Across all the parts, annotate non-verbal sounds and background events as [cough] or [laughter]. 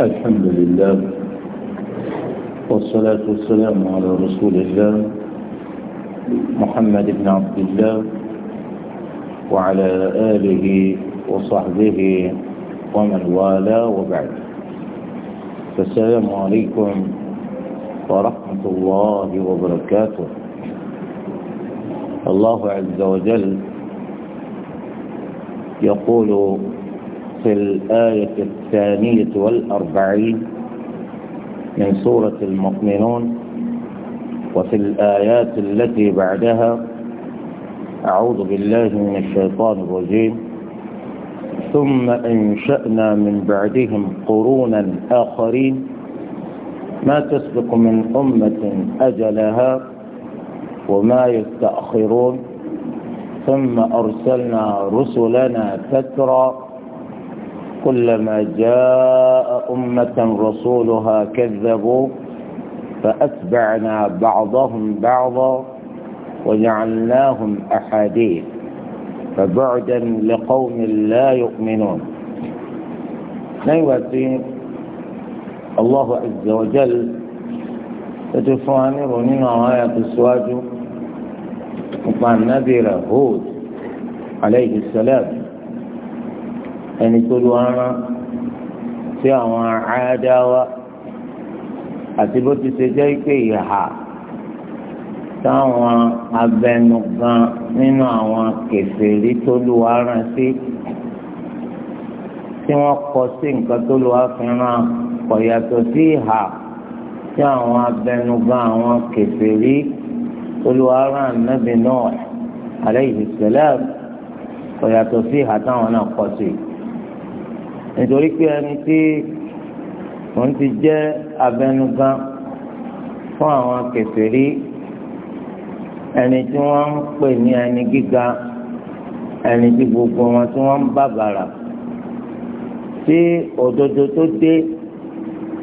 الحمد لله والصلاة والسلام على رسول الله محمد بن عبد الله وعلى آله وصحبه ومن والاه وبعد السلام عليكم ورحمة الله وبركاته الله عز وجل يقول في الآية الثانية والأربعين من سورة المؤمنون وفي الآيات التي بعدها أعوذ بالله من الشيطان الرجيم ثم أنشأنا من بعدهم قرونا آخرين ما تسبق من أمة أجلها وما يستأخرون ثم أرسلنا رسلنا تترى كلما جاء أمة رسولها كذبوا فأتبعنا بعضهم بعضا وجعلناهم أحاديث فبعدا لقوم لا يؤمنون نيوتي نعم، الله عز وجل تتفاني رنين آية السواج وقال نبي هود عليه السلام ẹni tó lu ọrán sí àwọn àádáwa àti bó ti ṣe jẹ́ pé ìhà táwọn abẹnugan nínú àwọn kèfèrí tó lu ọrán sí tí wọ́n kọ sí nǹkan tó lu àfihàn kò yàtọ̀ sí ìhà tí àwọn abẹnugan àwọn kèfèrí tó lu ọrán nàbì náà alayhi salam kò yàtọ̀ sí ìhà táwọn náà kọ sí nítorí pé ẹni tí òun ti jẹ́ abẹnugan fún àwọn kèfèrí ẹni tí wọ́n ń pè ní ẹni gíga ẹni tí gbogbo wọn tí wọ́n ń bàbàrà tí òdodo tó dé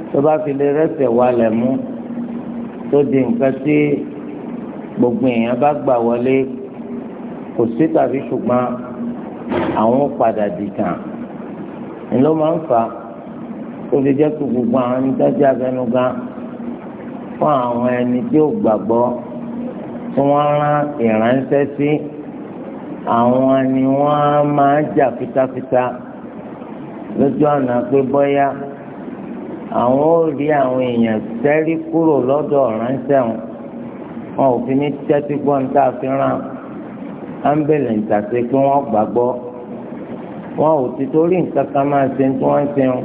tó bá fi lè rẹ́sẹ̀ walẹ̀ mú tó di nǹkan tí gbogbo èèyàn bá gbà wọlé kò sí tàbí ṣùgbọ́n àwọn padà dìtàn ńlọ máa ń fà ó lè jẹ́ kó gbogbo àwọn ẹni tó jẹ́ abẹnugan fún àwọn ẹni tí ó gbàgbọ́ tí wọ́n rán ìránṣẹ́ sí àwọn ni wọ́n máa jà fitafita lójú ọ̀nà pé bọ́yá àwọn ò rí àwọn èèyàn tẹ́rí kúrò lọ́dọ̀ ránṣẹ́ wọn wọn ò fi ní tẹ́tí gbọ́n tá a fi rán án bẹ̀rẹ̀ ń tàṣe pé wọ́n gbàgbọ́ wọn ò ti torí nǹkan kan máa ṣe tí wọ́n ń ṣe wọn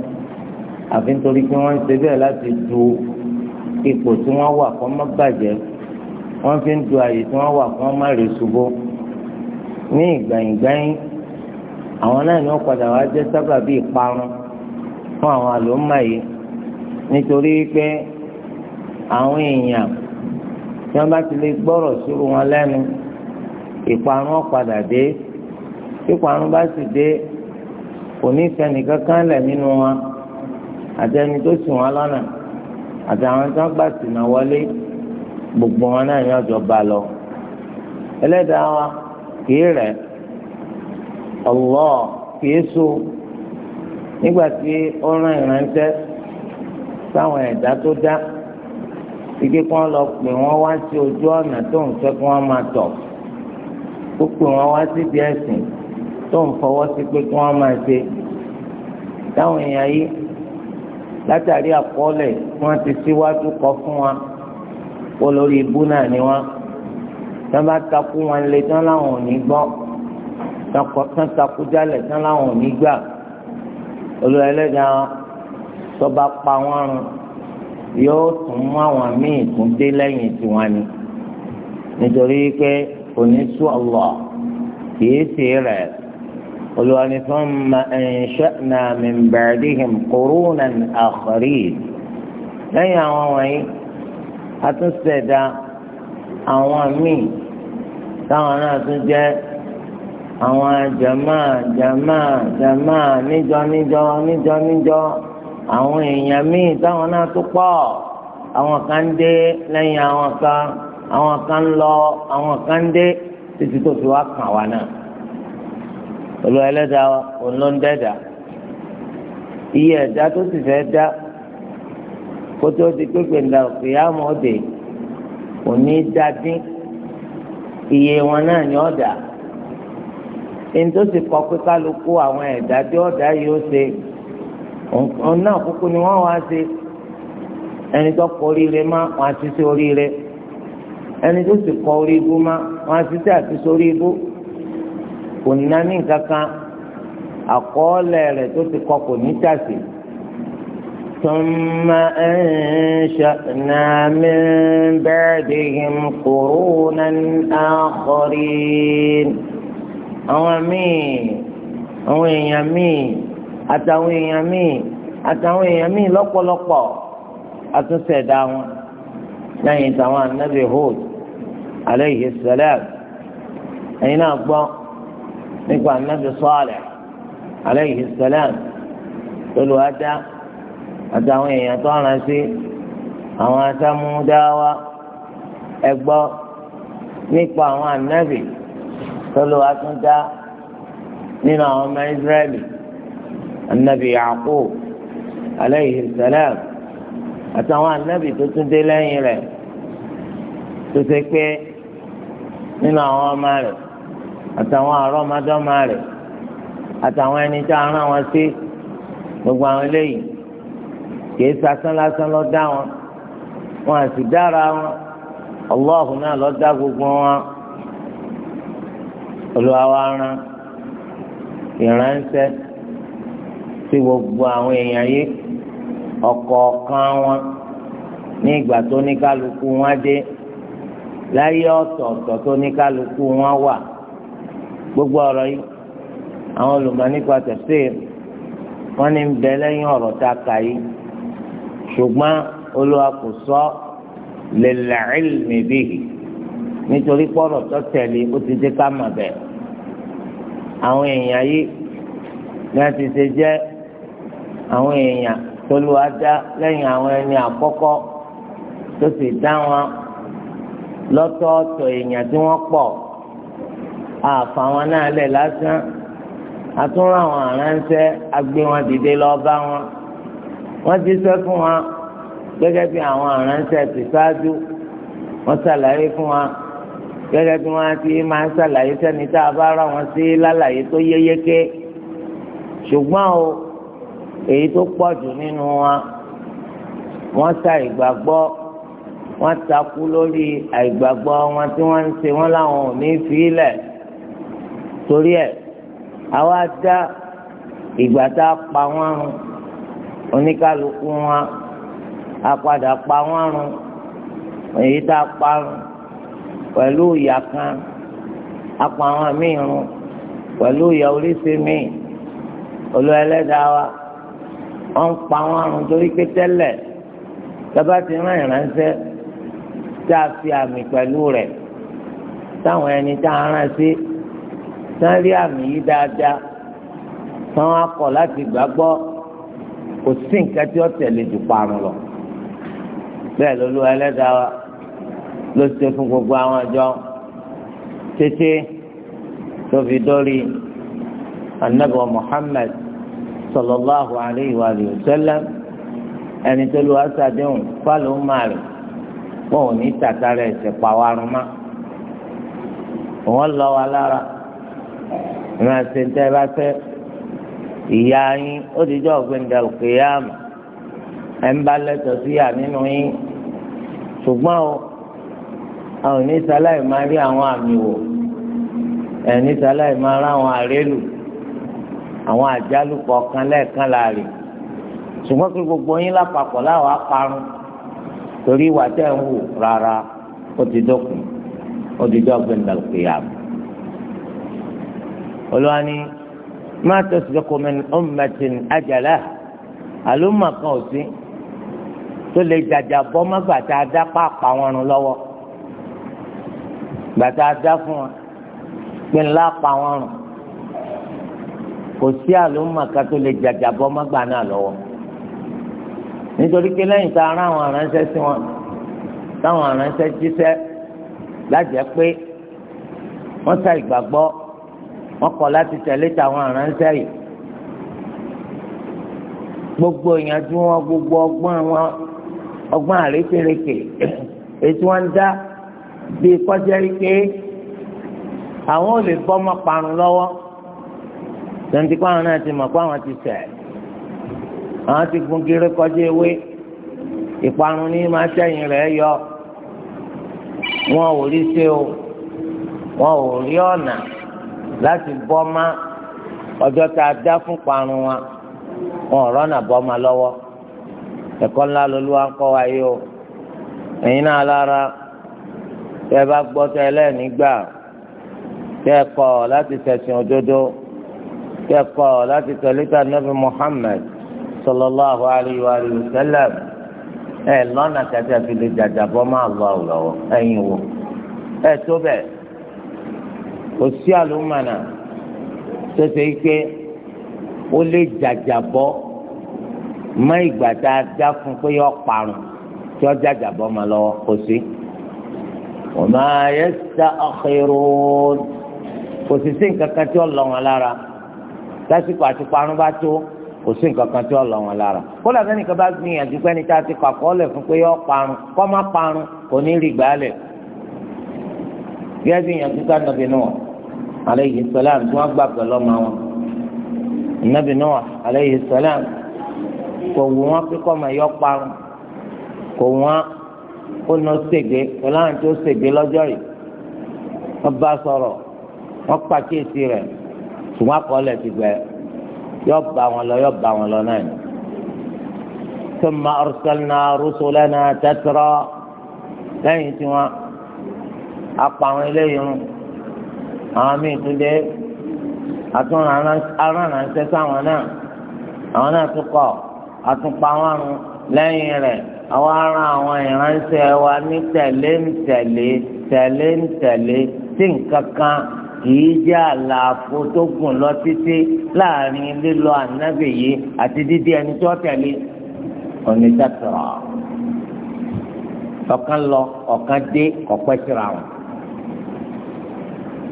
àfi nítorí pé wọ́n ń ṣe bẹ́ẹ̀ láti du ipò tí wọ́n wà kó má bàjẹ́ wọ́n fi ń du àyè tí wọ́n wà kó má rè ṣubú ní ìgbàyìngbàyìn àwọn náà ni wọ́n padà wá jẹ́ sábàbí ìparun fún àwọn àlòmọ́ yìí nítorí pé àwọn èèyàn tí wọ́n bá ti lè gbọ́rọ̀ sírù wọn lẹ́nu ìparun padà dé ìparun bá sì dé. kò ní sẹ́nìkan kan lẹ̀ nínú wa àtẹni tó sùn wọn lọ́nà àtàwọn tó gbà wọlé gbogbo wọn náà ní lọ ẹlẹ́dàá wa kìí rẹ! ọ̀lọ́ kìí so nígbà tí ó rán sáwọn ẹ̀dá tó dá ike kí lọ pè wá sí ojú ọ̀nà tó ń fẹ́ kí máa tọ̀ ó pè wá sí tó ń fọwọ́ sí pé kí wọ́n máa ṣe táwọn èèyàn yìí látàrí àkọọ́lẹ̀ wọ́n ti síwájú kọ fún wa kó lórí ibú náà ni wọ́n tán bá takú wọn lé tán láwọn ò ní gbọ́ tán takú jálẹ̀ tán láwọn ò ní gbà olùwà ẹlẹ́dàá pa wọ́n run yóò tún mú àwọn míì tún dé lẹ́yìn tiwọn ni nítorí pé kò Allah kìí ṣe rẹ̀ olùwàní thumma ansha'na min ba'dihim qurunan akharin lẹ́yìn àwọn wọ̀nyí a tún ṣẹ̀dá àwọn míì táwọn náà tún jẹ́ àwọn jama jama jama níjọ níjọ níjọ níjọ àwọn èèyàn míì táwọn náà tún pọ̀ àwọn kan dé lẹ́yìn àwọn kan àwọn kan lọ àwọn kan dé títí tó fi wá kàn wá náà olú ẹlẹ́dàá òun ló ń iye ẹ̀dá tó sì fẹ́ dá kótó ti pépè ńlá òkèèyàmọ̀ òde òní dá iye wọn náà ni ọ̀dà ètò sì kọ pé kálukú àwọn ẹ̀dá tí ọ̀dà yóò ṣe òun náà kúkú ni wọ́n wá ṣe ẹni tó kọ oríire má wọ́n á ṣe oríire ẹni kọ orí ibú má wọ́n á ṣe àti ṣe orí ibú kò ní ní kankan àkọọ́lẹ̀ rẹ̀ tó ti kọ kò ní tàsí. ثم أنشأنا من بعدهم قرونا آخرين àwọn míì àwọn èèyàn míì àtàwọn èèyàn míì àtàwọn èèyàn míì lọ́pọ̀lọpọ̀ àtúnṣẹ̀dá wọn lẹ́yìn táwọn anábì Hud alayhi salam ẹ̀yin náà gbọ́ nípa anabi Salih alayhi salam tolu ada àtàwọn èèyàn tó rán sí àwọn asámúdáwá ẹgbọ́ nípa àwọn anabi tolu atúndá nínú àwọn ọmọ Israẹli anabi Yaqub alayhi salam àtàwọn anabi tó tún dé lẹ́yìn rẹ̀ tó ṣe pé nínú àwọn ọmọ rẹ̀ àtàwọn àrọ́mọdọ́mọ rẹ̀ àtàwọn ẹni tá a rán wọn sí gbogbo àwọn eléyìí kìí sasán lásán lọ dá wọn wọn à sì dára wọn ọlọ́ọ̀hún náà lọ dá gbogbo wọn olùwàwọ̀ aràn ìránṣẹ́ sí gbogbo àwọn èèyàn yìí ọ̀kọ̀ọ̀kan wọn ní ìgbà tó ní kálukú wọn dé láyé ọ̀tọ̀ọ̀tọ̀ tó ní kálukú wọn wà gbogbo ọ̀rọ̀ yìí àwọn olùmọ̀ nípa tafsir wọ́n ní ń bẹ lẹ́yìn ọ̀rọ̀ tá a kà yìí ṣùgbọ́n olúwa kò sọ lil ilmi bihi nítorí pọ́rọ̀ tó tẹ̀lé ó ti dé ká mà bẹ̀. àwọn èèyàn yìí ni a ti ṣe jẹ́ àwọn èèyàn tó lu ajá lẹ́yìn àwọn ẹni àkọ́kọ́ tó sì dá wọn lọ́tọ̀ọ̀tọ̀ èèyàn tí wọ́n pọ̀ àfà wọn náà lẹ̀ lásán àtúnrà àwọn aránṣẹ́ agbé wọn dìde lọ bá wọn wọ́n jíṣẹ́ fún wọn gẹ́gẹ́ bí àwọn aránṣẹ́ ti ṣáájú wọ́n ṣàlàyé fún wọn gẹ́gẹ́ bí wọ́n ti máa ń ṣàlàyé sẹ́ni tá a bá rà wọ́n sí lálàyé tó yéyéké ṣùgbọ́n o èyí tó pọ̀ jù nínú wa wọ́n ta ìgbàgbọ́ wọ́n takú lórí àìgbàgbọ́ wọn tí wọ́n ń ṣe wọ́n láwọn ò ní fi í lẹ̀ torí ẹ̀ àwa dá ìgbà tá a pa wọ́n run oníkálukú wọn a padà pa wọ́n run èyí tá a pa run pẹ̀lú ìyà kan a pa wọn míì run pẹ̀lú ìyà oríṣi míì olú ẹlẹ́dàá wa wọ́n ń pa wọ́n run torí pé tẹ́lẹ̀ tọ́ba ti rán ìránṣẹ́ tá a fi àmì pẹ̀lú rẹ̀ táwọn ẹni tá a rán sí. Si, tán rí àmì yìí dáadáa tán á kọ̀ láti gbàgbọ́ kò sí nǹkan tí ó tẹ̀lé jù parun lọ bẹ́ẹ̀ lolú ẹlẹ́dàá wa ló ṣe fún gbogbo àwọn àjọ títí tó fi dórí anabi Muhammad sallallahu alayhi wa sallam ẹni tó lu asàdéhùn fáwọn márùn wọn ò ní tàtàrà ẹsẹ pàwọn arúmá wọn lọ wa lára ẹ máa ṣe ń tẹ́ ẹ bá fẹ́ ìyá yín ó ti jọ ọ̀gbìn dàlùkìyàmù ẹ̀ ń bá lẹ́tọ̀ọ́ sí yà nínú yín ṣùgbọ́n o a ò ní sáláì máa rí àwọn àmì wò ẹ̀ ní sáláì máa rá àwọn àrélù àwọn àjálù kọ̀ọ̀kan lẹ́ẹ̀kan láàrin ṣùgbọ́n kí gbogbo yín lápapọ̀ láwọn apárun torí ìwà tẹ̀ ń wù rárá ó ti dọ́kun ó ti jọ ọ̀gbìn dàlùkìyàmù olúwa ni má tasbiqu min ummatin ajalaha àlùmọ̀ kan ò sí tó lè jàjà bọ́ mọ́gbà tá a dá pàpà wọn rún lọ́wọ́ gbà tá a dá fún wọn pé ńlá pa wọn rún kò sí àlùmọ̀ kan tó lè jàjà bọ́ mọ́gbà náà lọ́wọ́ nítorí pé lẹ́yìn tá a rán àwọn aránṣẹ́ sí wọn táwọn aránṣẹ́ jíṣẹ́ lájẹ́ pé wọ́n sá ìgbàgbọ́ wọ́n kọ̀ láti tẹ̀lé tàwọn aránṣẹ́ yìí gbogbo ìyànjú wọn gbogbo ọgbọ́n wọn ọgbọ́n àrékèrèké ètò wọn dá bíi kọjá ike àwọn ò lè bọ́ ọmọ parun lọ́wọ́ tẹ̀ǹtì pa àwọn náà ti mọ̀ pé àwọn ti ṣẹ̀ àwọn ti gun kiri kọjá ewé ìparun ní máa ṣẹ́yìn rẹ̀ yọ wọn ò rí ṣe o wọn ò rí ọ̀nà. láti bọ́ ọjọ́ tá a dá fún parun wa wọn ọ̀rọ̀ náà bọ́ lọ́wọ́ ẹ̀kọ́ ńlá lolúwa ń kọ́ wa yìí o ẹ̀yin náà lára tẹ́ ẹ bá gbọ́ tẹ́ ẹ lẹ́ẹ̀ni tẹ́ ẹ láti tẹ̀sìn òdodo tẹ́ ẹ láti ẹ̀ fi lè kò sí àlùmọ̀nà tó ṣe pé ó lè jàjàbọ́ mọ́ ìgbà tá a dá fún pé yọ parun tí ó jàjàbọ́ mọ́ lọ́wọ́ kò sí. wa ma yasta'khirun kò sì sí nǹkan kan tí ó lọ wọn lára lásìkò àti parun bá tó kò sí nǹkan kan tí ó lọ wọn lára kódà bẹ́ẹ̀ nìkan bá gbìyànjú pé ní tá a ti pàkọ́ lẹ̀ fún pé yọ parun kọ́ kò ní rí gbàálẹ̀ bí ẹ gbìyànjú ká nàbẹ̀ náà aleyhi salam tí wọ́n gbà pẹ̀lú ọmọ wọn anabi noah aleyhi salam kò wù wọ́n kíkọ́ ọmọ yọ parun kò wọ́n kó nà ṣègbè pẹ̀lú àwọn tí ó ṣègbè lọ́jọ́ yìí wọ́n bá sọ̀rọ̀ wọ́n pàkíyèsí rẹ̀ ṣùgbọ́n akọọ́lẹ̀ ti gbẹ yọ bá wọn lọ yọ bá wọn lọ náà ni. ثم أرسلنا رسلنا تترى lẹ́yìn tí wọ́n apá àwọn eléyìí àwọn míì tún dé àtún aránránṣẹ́ sáwọn náà àwọn náà tún kọ̀ àtúnpa wọn rún lẹ́yìn rẹ̀ àwọn ará àwọn ìránṣẹ́ wa ní tẹ̀lé ń tẹ̀lé tẹ̀lé ń tẹ̀lé tí nǹkan kan kìí jẹ́ àlàfo tó gùn lọ títí láàrin lílọ ànábì yìí àti dídí ẹni tó tẹ̀lé onítàtúrọ̀ ọ̀kan lọ ọ̀kan dé ọ̀pẹ́ síra wọn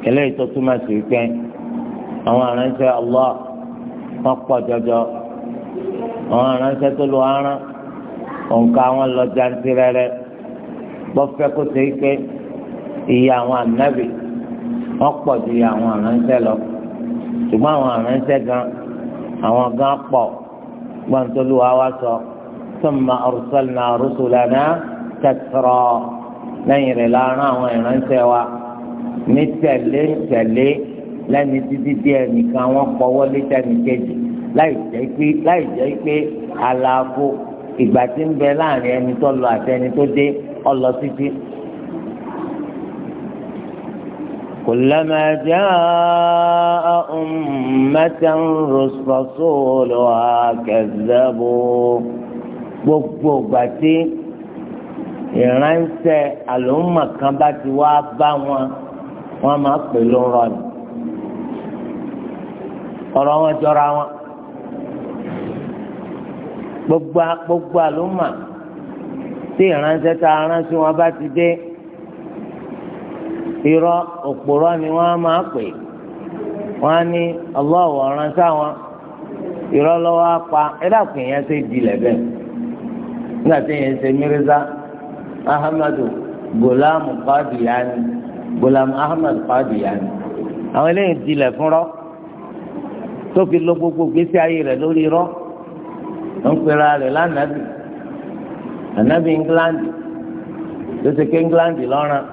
eléyìí tó túmọ̀ sí pé àwọn aránṣẹ́ Allah wọ́n pọ̀ jọjọ àwọn aránṣẹ́ tó lu ara òǹkà wọn lọ jantirẹrẹ gbọ́fẹ́ kó ṣe é pé iye àwọn ànábì wọ́n pọ̀ ju iye àwọn aránṣẹ́ lọ ṣùgbọ́n àwọn aránṣẹ́ gan àwọn gan pọ̀ gbọ́ntolú wa wá sọ thumma arsalna rusulana tathra lẹ́yìn rẹ̀ la àwọn ìránṣẹ́ wa ní tẹ̀lé tẹ̀lé lẹ́ni títí tí ẹnìkan wọn kọ́wọ́ lé tẹ́ni kejì láì jẹ́ pé láì jẹ́ pé àlàfo ìgbà tí ń bẹ láàrin ẹni tó lọ àti ẹni tó dé ọlọ títí. كلما جاء أمة رسولها كذبوا gbogbo ìgbà tí ìránṣẹ́ àlùmọ̀ kan bá ti wá bá wọn wọ́n máa pè lórọ́ ni ọ̀rọ̀ wọn jọra wọn gbogbo gbogbo àlùmà tí ìránṣẹ́ tá a ránṣẹ́ wọn bá ti dé irọ́ òpòrọ́ ni wọ́n máa pè wọ́n ní ọlọ́wọ́ ránṣẹ́ wọn irọ́ lọ́wọ́ á pa ẹ̀dàkùn yẹn ṣe bẹ́ẹ̀ nígbà tí yẹn ṣe mírísà Ghulam Ahmad Qadiani àwọn eléyìí dilẹ̀ fún rọ́ tó fi lo gbogbo gbèsè ayé rẹ̀ lórí rọ́ ló ń pera rẹ̀ lánàbì ànábì England ló ti ké England lọ́ràn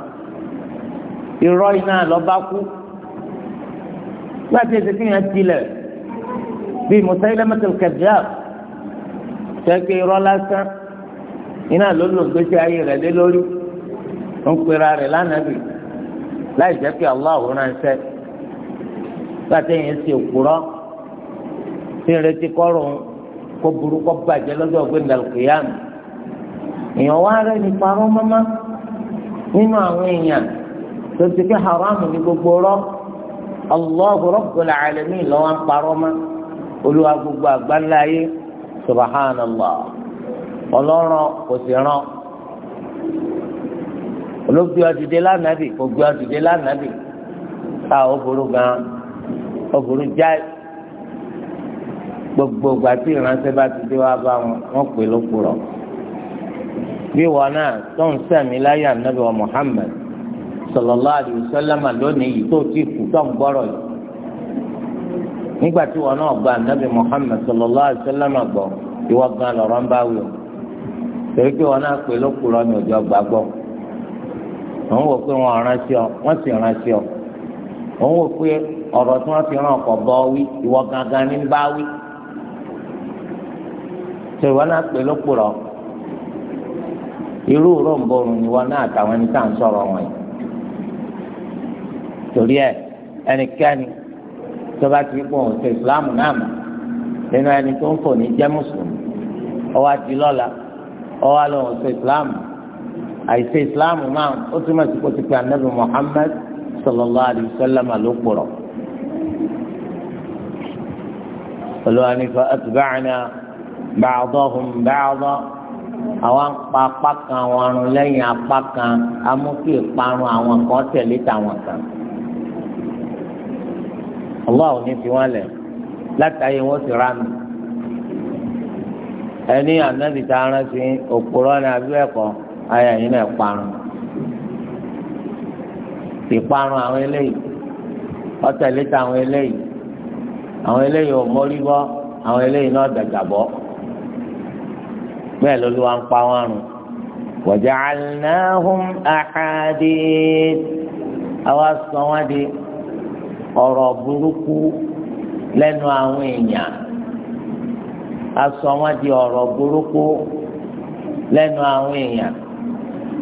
irọ́ iná lọ́ba kú láti ẹsẹ̀ kéèyàn tilẹ̀ bíi Musailamatul Kadhdhab tẹ́kẹ́ irọ́ lásán iná ló lò gbèsè ayé rẹ̀ lórí ń pera rẹ̀ lánàbì láì jẹ́ pé Allah ránṣẹ́ gbàtẹ́yìn sí òkúrọ́ tí ń retí kọ́rùn kó burú kó bàjẹ́ lọ́jọ́ gbẹ̀ngàn kìyàmù èèyàn wá rẹ̀ ní parọ́ mọ́mọ́ nínú àwọn èèyàn tó ti pé haramu ní gbogbo rọ́ Allah Rabbul Alamin lọ́wọ́ ń parọ́ mọ́ olúwa gbogbo àgbáńlá ayé subhanallah ọlọ́run kò sí rán. olóògbé adìde lánàbì ògbé adìde lánàbì ta ọ̀bùrú gan ọ̀bùrú jáì gbogbo ìgbà ìránṣẹ́ bá ti dé wá bá wọn wọ́n pè lópùrọ́ bí wọn náà tó ń sẹ̀mí láyé ànábì wa Muhammad sallallahu alaihi wasallam lónìí yìí tó ti kú tó ń gbọ́rọ̀ yìí nígbà tí gba gbọ́ ìwọ gan ń àwọn wò pé wọn rántí ọ wọn sì rántí ọ òun wò pé ọ̀rọ̀ tí wọ́n fi ràn ọkọ̀ bọ́ wí ìwọ gangan ní bá wí tó ìwọ náà pè lóko rọ irú ròǹbòrùn ìwọ náà àtàwọn ẹni tá à ń sọ̀rọ̀ wọn yìí torí ẹ ẹnikẹ́ni tó bá ti gbọ́n òsè ìsìláàmù náà mọ̀ nínú ẹni tó ń fò ní jẹ́ mùsùlùmí ọwọ́ àti lọ́la ọwọ́ àlọ́ òsè ìsìláàmù àìsè ìsìláàmù máa ó túmọ̀ sí kó ti pe anabi muhammed sallallahu alayhi wa sallam ló kpọ̀rọ̀. olùwàní fa atubacna bàcdọ́hùn bàcdọ́ àwọn apá kan àwọn arun lẹ́yìn apá kan amúkè parun àwọn kan tẹ̀lé tàwọn kan. Allah ní fi wọ́n lẹ̀ látàyè wọ́n sì rà mí. ẹni anabi tá a rántí òpùrọ́ ni àbí ẹ̀kọ́. Aya yìí náà parun ìparun àwọn eléyìí ọtẹlẹ ta àwọn eléyìí àwọn eléyìí ò mórí bọ́ àwọn eléyìí náà dàgbà bọ́ bẹ́ẹ̀ ló ló wá ń pa wọn rùn àwa sọ wọn di ọ̀rọ̀ burúkú lẹ́nu àwọn èèyàn a sọ wọn di burúkú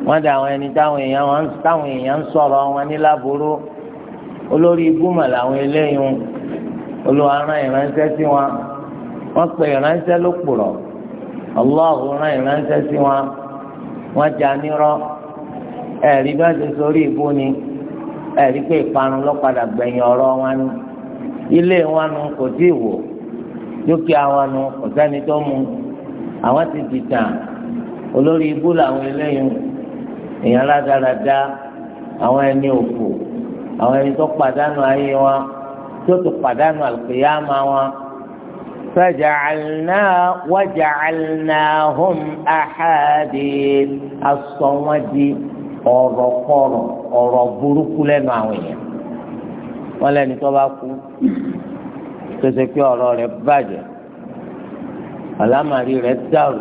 wọ́n dà àwọn ẹni táwọn èèyàn wọn táwọn èèyàn ń sọ̀rọ̀ wọn ní olórí ibùmọ̀ làwọn eléyìí olùwà rán ìránṣẹ́ sí wọn wọ́n pè ìránṣẹ́ ló pùrọ̀ ọlọ́ọ̀hún rán ìránṣẹ́ sí wọn wọ́n jà nírọ́ ẹ̀rí bá ti sórí ni ẹ̀rí pé ìparun ni ilé wọn nu kò tí ì wò dúkìá wọn nu kò sẹ́ni tó mu àwọn ti olórí ibú làwọn èèyàn rádaràda àwọn ẹni òfò àwọn ẹni tó pàdánù ayé wọn tó tó pàdánù àlùkìyàmà wọn. فجعلنا وجعلناهم أحاديث الصمد ọ̀rọ̀ kọ̀rọ̀ ọ̀rọ̀ burúkú lẹ́nu àwọn èèyàn wọ́n lẹ́ni tó bá kú tó ṣe pé ọ̀rọ̀ rẹ̀ bàjẹ́ àlámàrí rẹ̀ dàrú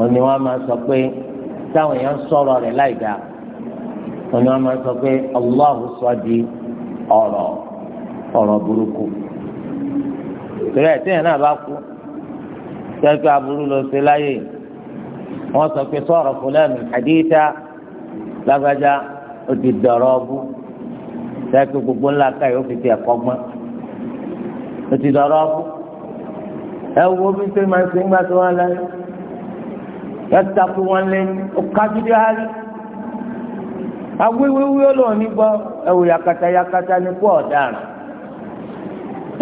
òní wọ́n máa sọ pé táwọn èèyàn sọ̀rọ̀ rẹ̀ láì dáa wọn ni wọn máa sọ pé Allahu sọ di ọ̀rọ̀ ọ̀rọ̀ burúkú torí ẹ̀ tíyẹn náà bá kú sẹ́kẹ́ aburú ló ṣe láyè wọ́n sọ pé sọ̀rọ̀ fúlẹ́ẹ̀mù àdéhìtá lágbájá ó ti dọ̀rọ̀ ọbú sẹ́kẹ́ gbogbo ńlá káyọ̀ fi ti ẹ̀kọ́ gbọ́n ó ti dọ̀rọ̀ ọbú ẹ wo bí sẹ́kẹ́ máa ń ṣe ń tó wá láyé ẹtàkù wọn lé ọkàtúndé hali awéwéwé olóòní gbọ́ ẹwò yakata yakata ní kó ọ̀daràn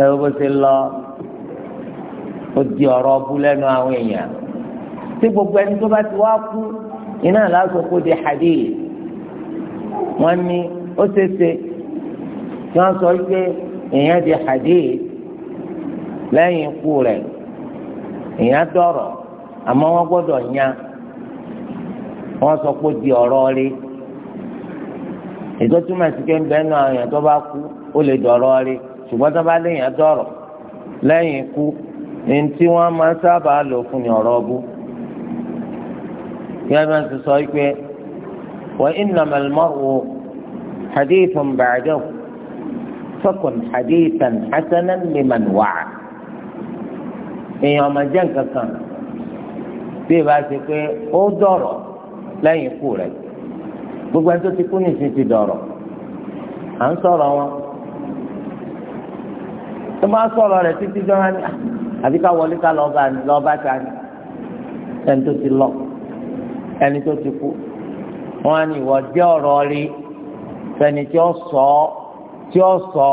ẹwò bó ti lọ ó di ọ̀rọ̀ ọbú lẹ́nu àwọn èèyàn tí gbogbo ẹni tó bá ti wá kú iná lásán kó di hadith wọn ní ó ṣeéṣe kí wọn sọ pé èèyàn di hadith lẹ́yìn ikú rẹ̀ èèyàn dọ̀rọ̀ àmọ́ wọ́n gbọ́dọ̀ yan wọ́n sọ pé di ọ̀rọ̀ rí ètò túmọ̀ sí pé ń bẹ́ẹ̀ náà èèyàn tó bá kú ó lè dọ̀rọ̀ rí ṣùgbọ́n tó bá léèyàn dọ̀rọ̀ lẹ́yìn ikú ní tí wọ́n máa sábà lò fún ní ọ̀rọ̀ bú yẹ́n bá ti sọ pé wa innamal mar'u hadithun ba'dahu fakun hadithan hasanan liman wa'a èèyàn ọmọ jẹ́ nǹkan kan bí ìbá ṣe pé ó dọ̀rọ̀ lẹ́yìn ikú rẹ̀ gbogbo ẹni tó ti kú nìsín ti dọ̀rọ̀ à ń sọ̀rọ̀ wọn tó bá sọ̀rọ̀ rẹ̀ títí jọra ní ah, àbí ká wọlé ká lọ́ba lọ́ba ta ni ẹni tó ti lọ ẹni tó ti kú wọn á ìwọ jẹ́ ọ̀rọ̀ rí sẹ́ni tí ó sọ tí ó sọ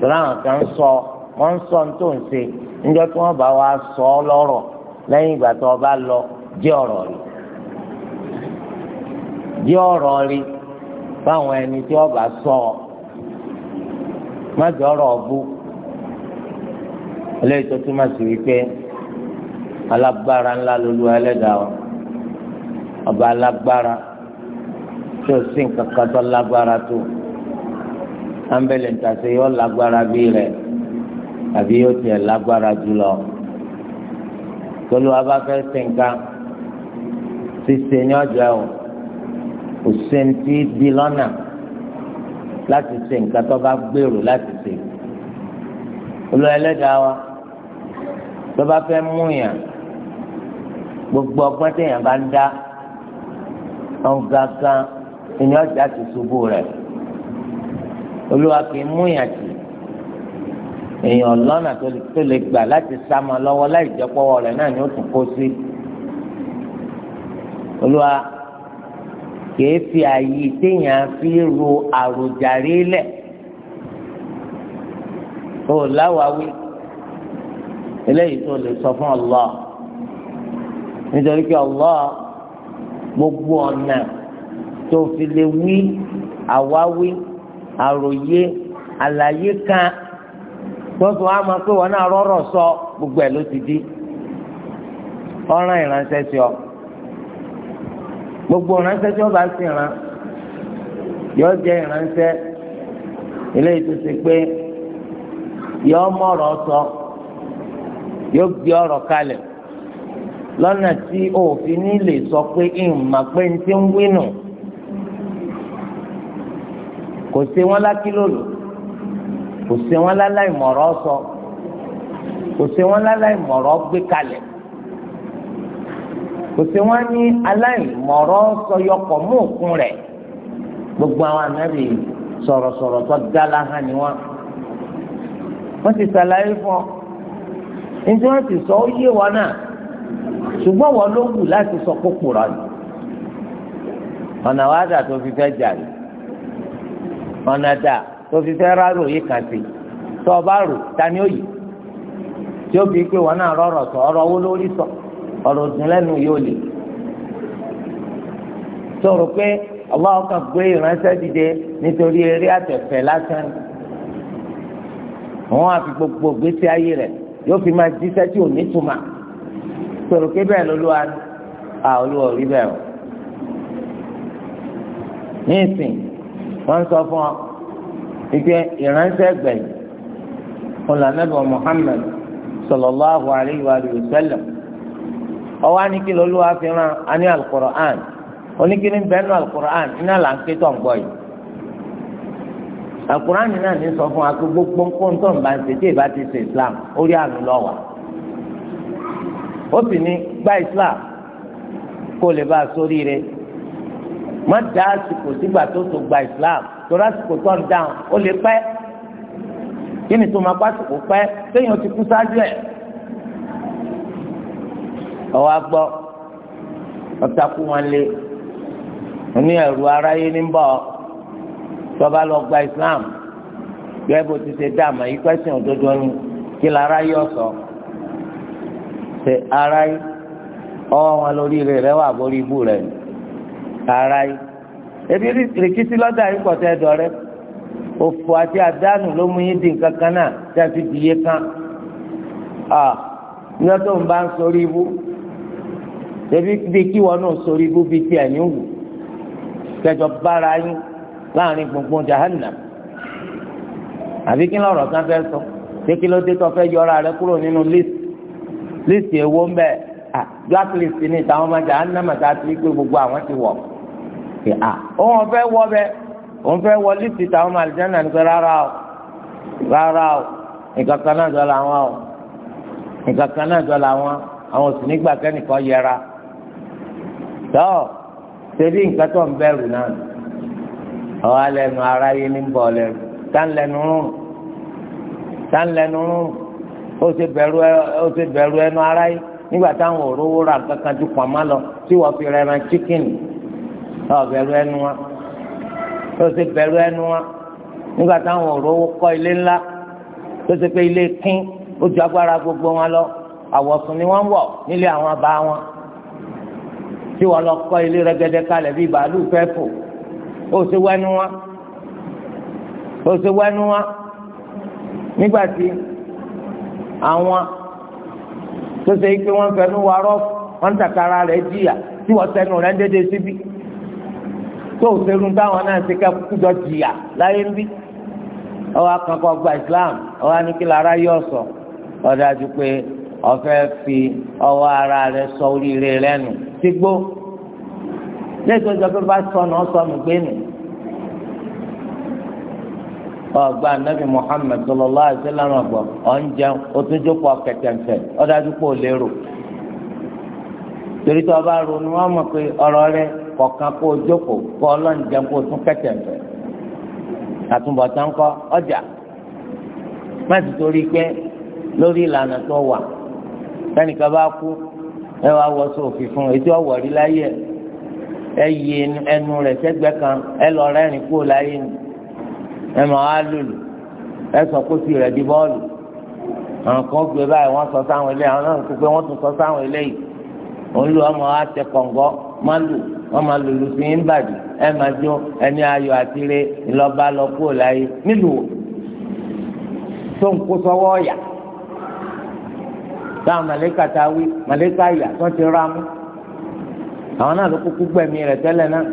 tòun àwọn kan sọ wọ́n ń sọ ní tó ń ṣe níjọ́ wọ́n bá wa sọ ọ lọ́rọ̀ lẹ́yìn ìgbà tó o bá lọ jẹ́ ọ̀rọ̀ rí jẹ́ ọ̀rọ̀ rí fáwọn ẹni tí ọba sọ ọ má jẹ́ ọ̀rọ̀ ọ̀bú eléyìí tó túmọ̀ sí wípé alágbára ńlá lolú ẹlẹ́dàá ọ ọba alágbára tí o sì ń kankan tó lágbára tó ambulance àti yóò lágbára bí rẹ àbí yóò tiẹ̀ lágbára jù tolu aba fẹ́ sèǹkà ṣíṣe ní ọjà o kò sèǹtì di lọ́nà láti sèǹkà tó bá gbèrò láti sè olú ẹlẹ́dàá wa tó bá fẹ́ mú yàn gbogbo ọgbọ́n téèyàn bá ń dá ọ̀gá kan ní ọjà ti ṣubú rẹ̀ olúwa kì í mú yàn èèyàn lọ́nà tó lè gbà láti sá mọ́ lọ́wọ́ láì jẹ́ pọ́wọ́ rẹ̀ náà ni ó tún kó sí. olúwa kìí fi àyè téèyàn fi ro àròjàre lẹ̀ o láwàwí eléyìí tó lè sọ fún Allah nítorí pé Allah gbogbo ọ̀nà tó fi lè wí àwáwí àròyé àlàyé kan. wọ́n fi wá máa pé náà sọ gbogbo ẹ̀ ló ti di ọ̀ràn ìránṣẹ́ ọ gbogbo ìránṣẹ́ tí wọ́n bá sì yọ jẹ́ ìránṣẹ́ eléyìí tó ṣe pé yọ mọ̀rọ̀ sọ yóò gbé ọ̀rọ̀ kalẹ̀ lọ́nà tí òfin ní lè sọ pé ìmọ̀ pé ń ti ń kò sí wọn láláì mọ̀rọ̀ sọ kò sí wọn láláì mọ̀rọ̀ gbé kalẹ̀ kò sí wọn ní aláìmọ̀rọ̀ sọyọkọ̀ mú òkun rẹ̀ gbogbo àwọn anábì sọ̀rọ̀sọ̀rọ̀ tó dálá hàn ní wọn wọ́n ti ṣàlàyé fún ọ nítorí wọ́n ti sọ ó yé wọn náà ṣùgbọ́n wọn ló wù láti sọ kókò rà ní ọ̀nà wàdà tó fi fẹ́ jà ní ọ̀nà dáa. tó fi fẹ́ rárò yìí kàn sí tó o bá rò ta ni ó yìí tí ó fi pé wọn náà rọrọ sọ ọrọ owó lórí sọ ọrọ òdùn lẹ́nu yóò lè tó rò pé Allah kan gbé ìránṣẹ́ dìde nítorí eré àtẹ̀fẹ́ lásán wọn àfi gbogbo gbèsè ayé rẹ̀ yóò fi máa jíṣẹ́ tí pé bẹ́ẹ̀ olúwa bẹ́ẹ̀ o ní ìsìn sọ fún ọ ike ìránṣẹ́ gbẹ̀yìn ọ̀làmẹ́bọ̀ Muhammad sallallahu alayhi wa sallam ọwọ́ anikele olúwa fi ran ani alukur'an onikele bẹ́ẹ̀nu alukur'an iná là ń ké tó ń gbọ́ yìí alukur'an náà ní sọ fún wa pé gbogbo nkóńtó ń bá ń ṣe tí ìbá ti ṣe Islam orí àánú lọ́wọ́ ó sì ní gba Islam kó lè bá a sóríire má dá àsìkò sígbà tó tó gba Islam tọ́lá àsìkò tó ń dáhùn ó lè pẹ́ kí ni tó máa bá àsìkò pẹ́ téèyàn ti kú sáájú ẹ̀ ọwọ́ agbọ́ ọ̀tá kú wọn lé oní ẹ̀rù aráyé ní bọ̀ tọ́ba lọ gba Islam gẹ́gẹ́ bó ti ṣe dáàmú yìí pẹ́sìn òdodo ni kí lára yọ sọ ṣe aráyé ọwọ́ wọn lórí rẹ̀ wà borí ibú rẹ̀ aráyé ebi rìkísí lọ́dà yìí pọ̀tẹ́ ẹ̀dọ̀ rẹ òfò àti àdánù ló mú yín di nǹkan kan náà tí a fi di iye kan nígbà tó ń bá ń sórí ibú ebi bí kí wọn náà sórí ibú bíi ti ẹ̀yìn wù kẹjọ bára yín láàrin gbùngbùn jahannam àbí kí lọ́rọ̀ kan fẹ́ sọ pé kí ló dé tó fẹ́ yọra rẹ kúrò nínú list list èwo ń bẹ black list ni ìtàwọn ọmọ jahannam àti àti wípé gbogbo àwọn ti wọ̀ pé à òun fẹ́ wọ bẹ òun fẹ́ wọ lífti táwọn ọmọ àlìjáná ní pé rárá o rárá o nǹkan kan náà jọ làwọn o nǹkan kan náà jọ làwọn àwọn òsì nígbà kẹ́nìkan yẹra tọ́ ṣebí nǹkan tó ń bẹ̀rù náà ọ̀ alẹ́nu aráyé ní bọ̀ lẹ́nu tán lẹ́nu rún tán lẹ́nu rún ó ṣe bẹ̀rù ẹ ó ṣe bẹ̀rù ẹnu aráyé nígbà táwọn òróró ra kankan ju pàmò lọ tí wọ́n fi rẹran chicken ọ bẹ̀rù ẹnu wa ó sì bẹ̀rù ẹnu wa nígbà táwọn òrówó kọ́ ilé ńlá tó ti pé ilé kín ó ju agbára gbogbo wọn lọ àwọ̀sùn ni wọ́n ń wọ̀ nílé àwọn àbá wọn tí wọ́n lọ kọ́ ilé rẹ́gẹ́dẹ́ kalẹ̀ bíi bàálù fẹ́ fò ó sì wẹ́nu wa ó sì wẹ́nu wa nígbà tí àwọn tó ṣe é pé wọ́n fẹnu wa rọ́ wọ́n ń tàkàrà rẹ̀ jìyà tí wọ́n sẹ́nu rẹ̀ ń dédé síbi. Si tó òṣèlú táwọn náà ṣe ká kújọ jìyà láyé ń bí ọwọ́ akankọ gba islam ọwọ́ anìkílà ara yọ sọ ọ̀dájú pé ọ̀fẹ́ fi ọwọ́ ara rẹ sọ oríire rẹ nù sígbó lẹ́sọ̀ ìjọba bá sọnù ọ̀sọ̀nù gbẹ́nu ọgbà anabi muhammed sallallahu alaihi wasallam ọgbọ ọ̀njẹun otunjoko ọ̀kẹ̀tẹ̀ǹfẹ̀ ọ̀dájú pé ò lérò torí tí ọba ronú wọn pé ọ̀rọ̀ rẹ̀ kọ̀ọ̀kan kó o jókòó kọ́ ọlọ́njẹ kó o tún kẹ̀tẹ̀ fẹ̀ àtúbọ̀tán kọ́ ọjà má ti torí pé lórí ìlànà tó wà sẹ́nìkan bá kú ẹ wá wọ sófin fún etí ọ̀wọ̀ rí láyé ẹ yí ẹnu rẹ̀ sẹ́gbẹ́ kan ẹ lọ rẹ́rìn kúrò láyé ni ẹ mọ̀ á lùlù ẹ sọ kó ti rẹ̀ di bọ́ọ̀lù àwọn kan gbé báyìí wọ́n sọ sáwọn eléyìí àwọn náà kó pé wọ́n tún sọ sáwọn eléyìí òun lù ọmọ wa tẹ kọ̀ǹgọ́ má lù wọ́n máa lòlù sí ń bàjẹ́ ẹ máa jó ẹni ayọ̀ àti re ńlọba lọ kúrò láyé nílùú tó ń kó sọ́wọ́ ọ̀yà táwọn màlẹ́kà tá a wí màlẹ́kà yà tó ti rà mú àwọn náà ló kúkú gbẹ̀mí rẹ̀ tẹ́lẹ̀ náà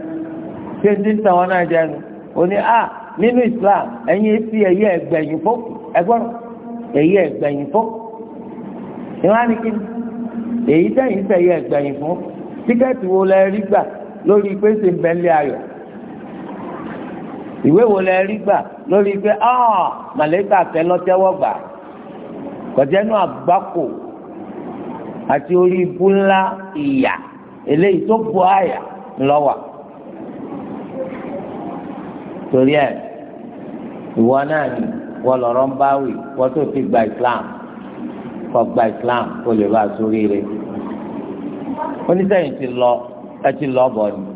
ṣé ní sàwọn náà jẹ́ nu ó ní a ah, nínú Islam ẹ̀yin ti ẹ̀yẹ ẹ̀gbẹ̀yìn fókù ẹ̀gbọ́n ẹ̀yẹ ẹ̀gbẹ̀yìn fókù ìwọ́n á ní kí ni èyí tẹ̀yìn tẹ̀yẹ ẹ̀gbẹ̀yìn fún tíkẹ́ẹ̀tì wo lẹ rí gbà lórí pé ṣe bẹ́ńlẹ̀ ayọ̀ ìwé wo lẹ rí gbà lórí pé ah màlẹ́kà kẹ lọ́tẹ́wọ́ gbà kọ̀jẹ́nu àgbákò àti orí ibú ńlá ìyà eléyìí tó bu àyà ńlọ́wà torí ẹ ìwọ náà ni wọ́n lọ́rọ́ ń báwì wọ́n tó ti gba Islam kọ́ gba Islam kó lè bá a sórí rẹ̀ oníṣẹ́yìn ti lọ ẹ ti lọ́bọ̀ ni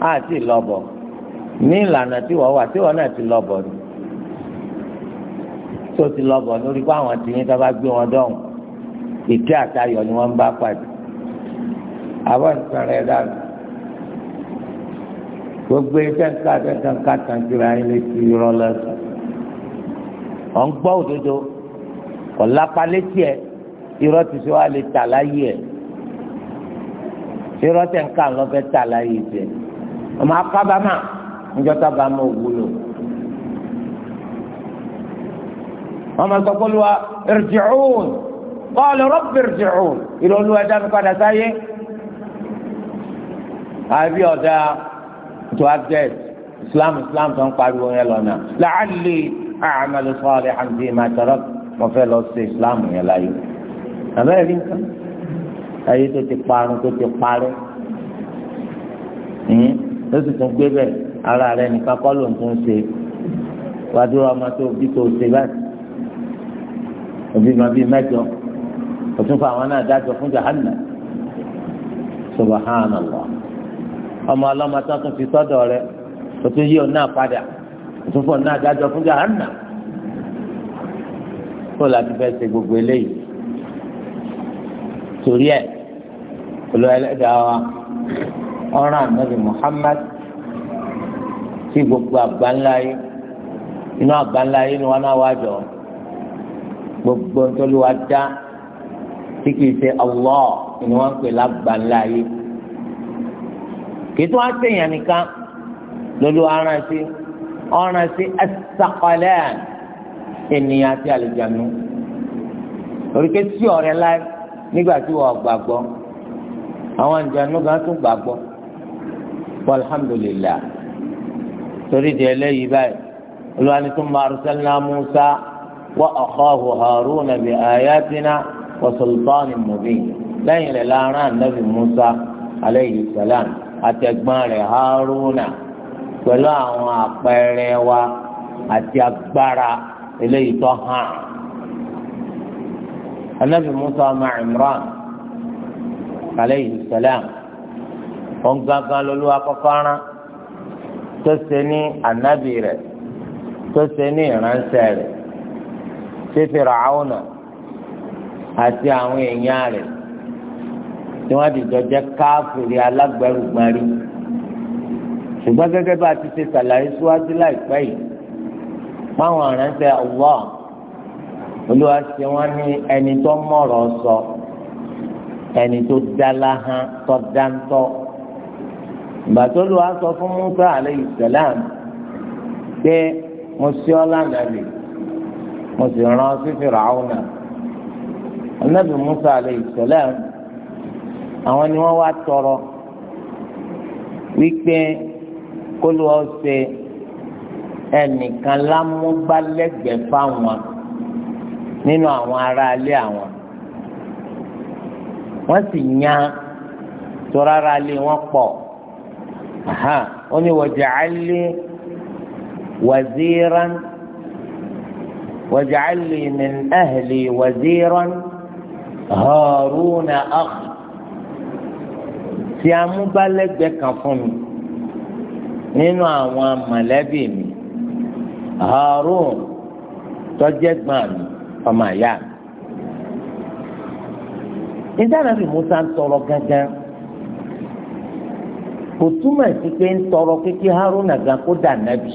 a ti lọ́bọ̀ ní ìlànà tí wọ́n wà tí wọ́n náà ti lọ́bọ̀ ni tó ti lọ́bọ̀ lórí pé àwọn tìyín tó bá gbé wọn dọ̀hùn ìké àtayọ̀ ni wọ́n ń bá pàdé àbọ̀ nǹkan rẹ̀ dànù gbogbo ìtẹ́ǹkà tẹ́ǹkà tàǹkìrà yín létí irọ́ lọ́sùn ọ̀n gbọ́ òdodo ọ̀lápá létí ẹ̀ irọ́ ti ṣe wá lè tà láyé ẹ̀ ṣé rọ́tẹ̀ ń kà lọ́fẹ́ tà láyé jẹ ọmọ akábàámà níjọ́ tábàámà òwúlò wọ́n máa sọ pé olúwa irji'un qala rabbi irji'un ìlú olúwa ẹ̀dá mi padà sáyé àbí ọ̀dà tó á dẹ̀ islam islam tó ń pariwo yẹn lọ́nà la'alli a'malu salihan fima tarak mo sí islam yẹn láyé àbẹ́rẹ́ nǹkan. Eyi tó ti parun tó ti parẹ́ ẹ̀yìn ló sì tún gbé ara rẹ̀ nìkan kọ́ ló ń tún ṣe wàdúrà ọmọ tó bí tó ṣe báyìí òbí ma bí mẹ́jọ òtún fún àwọn náà dájọ fún jahanna ọmọ ọlọ́mọ tó tún fi sọ́dọ̀ rẹ̀ òtún yí òun padà òtún fún òun dájọ fún jahanna kó láti fẹ́ gbogbo eléyìí torí olùwà ẹlẹ́dàá wa ọ̀ràn Muhammad sí gbogbo àgbáńlá yìí inú àgbáńlá yìí ni wọn náà wá jọ gbogbo ntọ́lùwà dá tí kìí ṣe Allah ni wọn ń pè lágbáńlá yìí kìí tó wá sèyàn nìkan lólu ọ̀ràn sí ọ̀ràn sí as-saqalan ènìyàn àti àlùjánu oríkèé àwọn àǹjànú kan tún gbàgbọ́ alhamdulilah torí di ẹlẹ́yìí báyìí olùwàní tó máa arsalna Musa wa akhahu Haruna bi ayatina wa sultanin mubin lẹ́yìn rẹ̀ láàrin anabi Musa aleyhi salam àtẹ̀gbọ́n rẹ̀ Haruna pẹ̀lú àwọn àpẹẹrẹ wa àti agbára eléyìí tó hàn anabi Musa ọmọ Imran alayhi salam òun gangan lolú akọ́kọ́rán tó ṣe ní ànábì rẹ̀ tó ṣe ní ìránṣẹ́ rẹ̀ ṣé Fir'auna àti àwọn èèyàn rẹ̀ tí wọ́n dìjọ jẹ́ káfìrí alágbẹ̀rùgbárí ṣùgbọ́n gẹ́gẹ́ bá a ti ṣe ṣàlàyé síwájú láìpẹ́ yìí báwọn aránṣẹ́ Allah olúwa ṣe wọ́n ní ẹni tó mọ̀rọ̀ sọ. So ẹni tó dala hàn tó dáńtọ́ gbàtọ́lù wa sọ fún Musa aleyhi salam pé mo sí ọlá nàbì mo sì rán sí Fìràwùnà anabi Musa aleyhi salam àwọn ni wọ́n wá tọrọ wípé kólú ọ̀sẹ̀ ẹnìkan lámúgbálẹ́gbẹ̀ẹ́ fáwọn nínú àwọn aráalé àwọn wọ́n sì yan torara lé wọn pọ̀ ó ní waj'alli waziran waj'alli min ahli waziran Haruna akhi tí amúgbálẹ́gbẹ̀ẹ́ kan fún mi nínú àwọn mọ̀lẹ́bí mi Harun tó mi ọmọ ìyá mi. in sarafi muta ntoro gankan ko ntɔrɔ si Haruna ntoro keki haro naga ko dandabi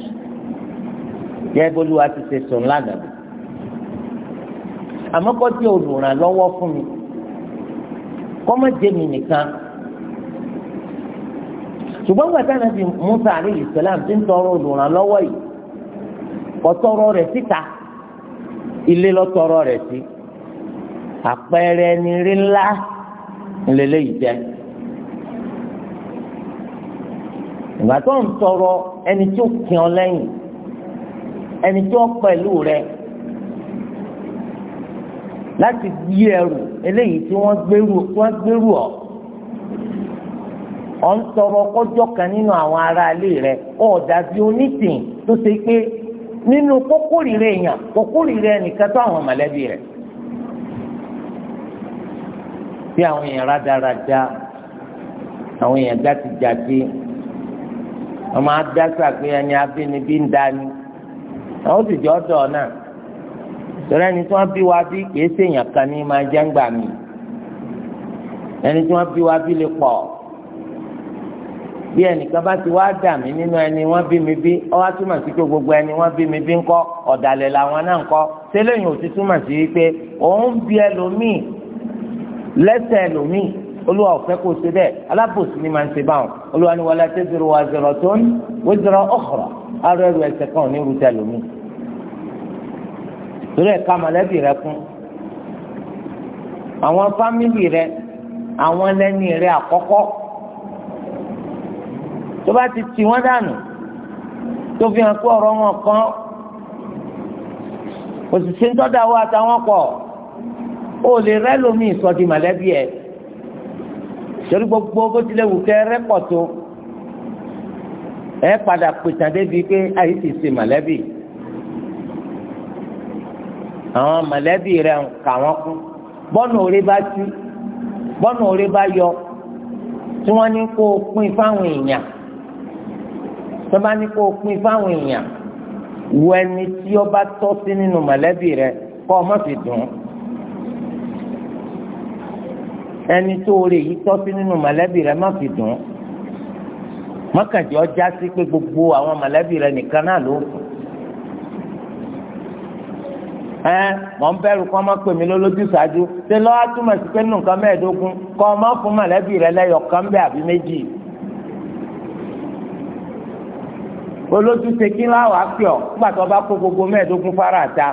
ya egboluwa ti se tunlada amokotie oloran lowo funa koma jem nikan sugbon wata na di muta ri iso lam di ntoro oloran lowo i ko toro re sita ile lo toro àpẹẹrẹ ẹni rí ńlá lélẹ́yìí jẹ́ ìgbà tó ń tọrọ ẹni tó kí ọ lẹ́yìn ẹni tó pẹ̀lú rẹ láti yí ẹrù eléyìí tí wọ́n gbérù wọ́n gbérù ọ̀ ọ̀ ń tọrọ kọjọ́ kan nínú àwọn ará ilé rẹ ọ̀ dàbí onítìǹ tó ṣe pé nínú kókórìíra èèyàn kókórìíra ẹnìkan tó àwọn mọ̀lẹ́bí rẹ̀. tí àwọn èèyàn rádaràda àwọn èèyàn játijàti wọ́n máa dásà pé ẹni abínibí ń dání àwọn sì jọ dọ̀ náà torí ẹni tí wọ́n bí wa bí kìí ṣèèyàn kan ní máa jẹ́ ń gbà mí ẹni tí wọ́n bí wa bí lè pọ̀ bí ẹnìkan bá ti wá dà mí nínú ẹni wọ́n bí mi bí ọ wá túmọ̀ sí pé gbogbo ẹni wọ́n bí mi bí ńkọ́ ọ̀dàlẹ̀ làwọn náà ńkọ́ sẹ́lẹ̀yìn ò ti túmọ̀ sí wípé òun bí ẹlòmíì lẹ́sẹ̀ ẹlòmíì olúwa ọ̀fẹ́ kò ṣe bẹ́ẹ̀ alábòsí ni máa ń ṣe báwọn olúwa ni wala taziru waziratun wizra ukhra arọ ẹrù ẹsẹ̀ kan ní irú tẹlòmíì torí ẹ̀ka mọ̀lẹ́bí rẹ kún àwọn fámìlì rẹ àwọn lẹ́ni rẹ àkọ́kọ́ tó bá ti tì wọ́n dànù tó fi hàn pé ọ̀rọ̀ wọn kan òṣìṣẹ́ ń tọ́da wo àtàwọn pọ̀. O lè rẹ́ lómi ìsọdí mọ̀lẹ́bí ẹ̀ torí gbogbo bó tilẹ̀ wù kẹ́ rẹ́ pọ̀ tó ẹ padà pèsè débi pé àyè ti ṣe mọ̀lẹ́bí àwọn mọ̀lẹ́bí rẹ̀ kà wọ́n kú bọ́nù orí bá tú bọ́nù orí bá yọ tí wọ́n ní kó pín fáwọn èèyàn tí wọ́n bá ní kó pín fáwọn èèyàn wọ ẹni tí ó bá nínú mọ̀lẹ́bí rẹ̀ kọ́ ọ má fi dùn ẹni tó rè yí tọ́sí nínú mọ̀lẹ́bí rẹ má fi dùn mọ́kàndí ọjà sí pé gbogbo àwọn mọ̀lẹ́bí rẹ nìkan náà ló kù ẹ mọ̀ ń bẹ̀rù kọ́ má pè mí lólójú ṣáájú ṣé lọ́wọ́ túmọ̀ sí pé nǹkan mẹ́ẹ̀ẹ́dógún kọ́ ọ má fún mọ̀lẹ́bí rẹ lẹ́yọ̀ kan bẹ́ẹ̀ àbí méjì olójú tekin láwàá pè ọ́ nígbà tó bá kó gbogbo mẹ́ẹ̀ẹ́dógún fara ta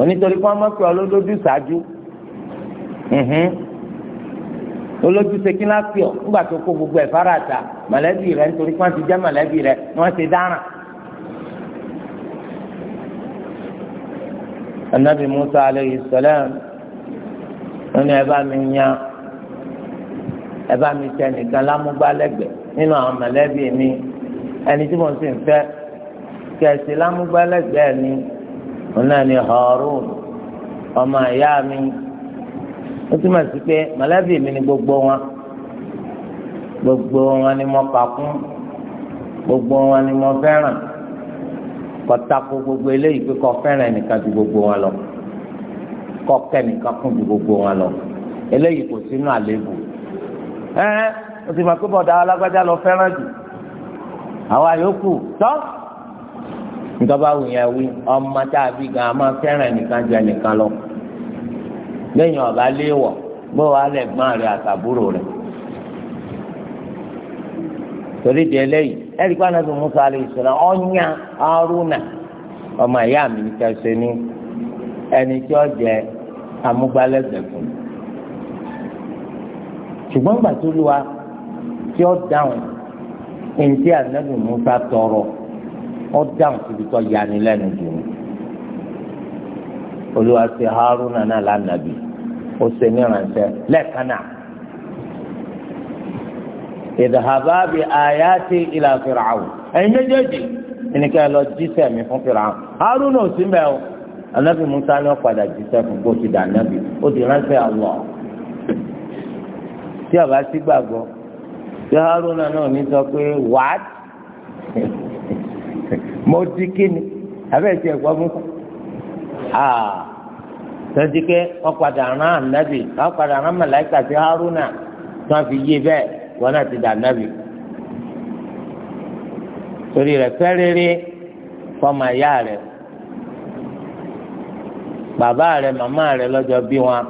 onítorí kọ́ má pè ọ́ lólójú ṣáájú olójúṣe kí ńlá pè ọ nígbà tó kó gbogbo ẹ fara ta mọ̀lẹ́bí rẹ nítorí pé wọn ti jẹ mọ̀lẹ́bí rẹ ni wọn ti dáràn. anabi musa aleyhi salam wọn ni ẹ bá mi yan ẹ bá mi tẹ nìkan lámúgbálẹ́gbẹ̀ nínú àwọn mọ̀lẹ́bí mi ẹni tí mo sì ń fẹ́ kẹsì lámúgbálẹ́gbẹ̀ mi wọn náà ni Harun ọmọ ìyá mi ó túmọ̀ sí pé mọ̀lẹ́bí mi ni gbogbo wọn gbogbo wọn ni mo kàkún gbogbo wọn ni mo fẹ́ràn kọtako gbogbo eléyìí pé kọ fẹ́ràn ẹnìkan ju gbogbo wọn lọ kọ kẹ́nìkan kún ju gbogbo wọn lọ eléyìí kò sínú àléébù ẹ o ti mọ̀ pé bọ̀dá alágbájá lọ fẹ́ràn jù àwa yòókù tọ́ nítorí báwo yẹn wí ọmọ tá a bí gan a máa fẹ́ràn ẹnìkan ju ẹnìkan lọ. lẹ́yìn ọba léèwọ̀ bó wàá lẹ́gbọ́n rẹ̀ àtàbúrò rẹ̀ torí di eléyìí ẹ̀rí pa Ànábì Musa alayhi salam ọ̀nyà ya ọmọ ìyá mi kẹsẹ̀ ní ẹni tí ó jẹ amúgbálẹ́gbẹ̀ẹ́ ṣùgbọ́n gbà tí ó dáhùn ní ti Musa tọrọ ó dáhùn síbi tó yanilẹ́nu jù ní. olúwa ṣe haruna náà lánàbì ó ṣe níranṣẹ́ lẹ́ẹ̀kan náà ìdàhàbá bi àyà ti ìlà fìràwù ẹ̀yin méjèèjì ìníkẹ́ ẹ lọ jíṣẹ́ mi fún fìràwù haruna ò sí mbẹ́ o anabi musa ni ó padà jíṣẹ́ fún kó ti anabi ó ti ránṣẹ́ Allah tí a bá sí gbàgbọ́ tí haruna náà ní sọ pé wàá [laughs] mo ti kí ni abẹ́ẹ̀ tí ẹ̀ aa ah. tọ́jú pé ọ̀padà rán ànábì ọ̀padà rán màláìkà sí haruna tí wọ́n fi yé bẹ́ẹ̀ wọn náà ti dà ànábì torí rẹ fẹrẹrẹ fọmọ ìyá rẹ̀ bàbá rẹ màmá rẹ lọ́jọ́ bí wọn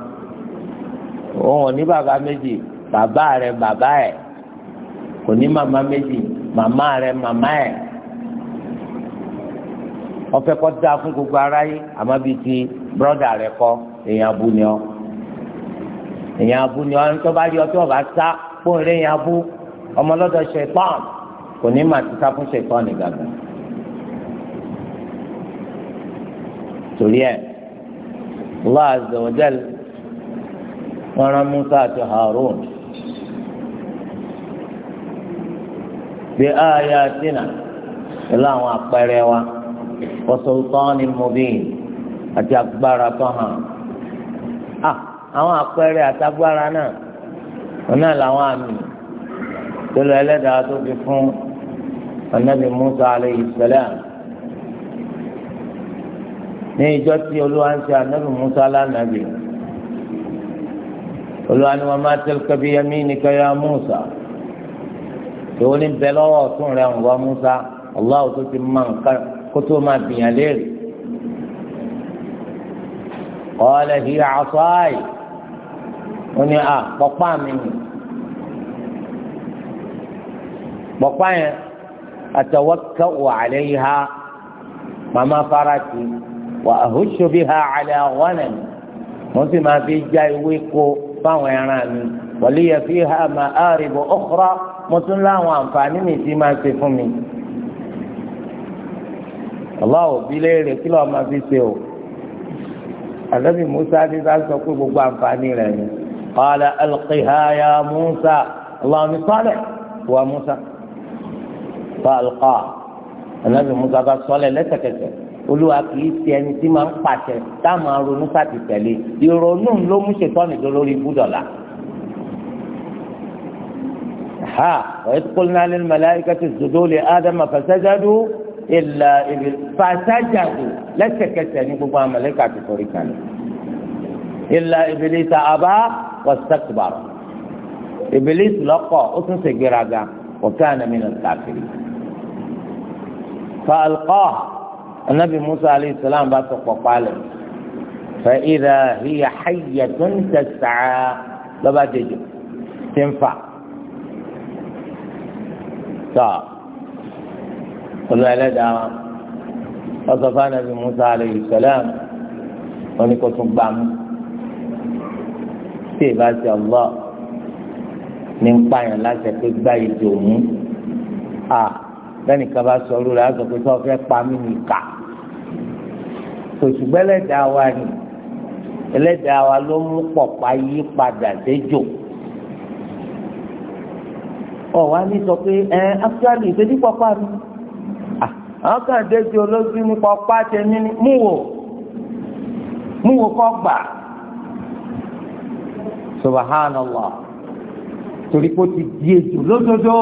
òun ní bàbá méjì bàbá rẹ bàbá ẹ kò ní màmá méjì màmá rẹ̀ màmá ẹ̀. wọ́n fẹ́ kọ́ dáa fún gbogbo aráyé àmọ́ bíi ti bọ́dà rẹ kọ́ èèyàn abú ni ọ́ èèyàn abú ni ọ́ tó bá rí ọ tí wọ́n bá sá fún eré èèyàn abú ọmọ lọ́dọ̀ ṣẹ̀tàn kò ní mà ti sá fún ṣẹ̀tàn nìgbàgbọ́. torí ẹ Allah azza wa jal wọ́n rán Musa àti Harun bí ayatina pẹ̀lú àwọn àpẹẹrẹ wa. وسلطان مبين àti agbára kan hàn ah àwọn àpẹẹrẹ àtagbára náà wọn náà làwọn àmì tó lọ ẹlẹ́dàá tó fi fún anabi musa aleyhi salam ní ìjọ tí olúwa ń ṣe anabi musa lánàbì olúwa ni wọn máa tilka bi yaminika ya musa ìwọ ni bẹ lọ́wọ́ ọ̀tún ń wá musa allah tó ti máa ń kó tó máa bìyàn léèrè ọ̀ọ́lẹ̀ hi àṣọ́àì ó ní à pọ̀pá mi nì pọ̀pá yẹn àtẹ̀wọ́kẹ́ wà àlẹ́ yìí ha màmá fara ti wà àhóṣù bí ha àlẹ́ àwọn ẹ̀ mo sì máa fi já ewé ko fáwọn ẹran mi wọ́n lè yẹ fi ha màá rìbọ̀ ọ̀kúrọ̀ mo tún láwọn àǹfààní mi ti máa ṣe fún mi aláwọ̀ bí léèrè kí lọ́ọ́ máa fi ṣe o ànábì musa ní sá sọ pé gbogbo àǹfààní rẹ̀ ni qala alqiha ya musa aláwọ̀ sọ́lẹ̀ wa musa fa alqa ànábì musa bá sọ́lẹ̀ lẹ́sẹ̀kẹsẹ̀ olúwa kì í ti ẹni tí máa ń pàṣẹ táwọn aronú sáti tẹ̀lé ìrònú ló mú ṣètọ́nì tó lórí búdọ̀là. ha wa idh qulna lil malaikati isjudu li adama fasajadu. ìlà ìbí fàṣájàdù lẹ́sẹ̀kẹsẹ̀ ní gbogbo àwọn màláíkà ti forí kan ìlà ìbílísà àbá wàsítákùbàrà ìbílísì lọ́kọ̀ ó tún ṣe gbéraga ọ̀kẹ́ ànàmínà kàfìrí. fàlùkọ́ anabi musa alayhi salam bá tó kpọ̀kpọ̀ alẹ̀ fẹ́ ìdá hiya hayya tó ń tẹ̀sàá lọ́ba dèjò tí ń fà. tọ́ olú ẹlẹ́dàá wa ọsọ fáwọn ẹbí Musa alayhi salam wọn ni kò tún gbà mú tí ìbá ti ọlọ ní ń pààyàn láti pé gbá ètò òun à lẹ́nu kan bá sọ olúra á sọ pé tí wọ́n fẹ́ pa mí ní ìkà tòṣùgbọ́n ẹlẹ́dàá wa ni ẹlẹ́dàá wa ló mú pọ̀pá yí padà déjò ọ̀ wá ní sọ pé ẹ áfíríkà lè ṣe ní mi àwọn kan déjì olóṣù nípa ọpá tẹmí ní mú wò mú wò kọ́ gbà subahánàlá torí pé ó ti di ètò lódodo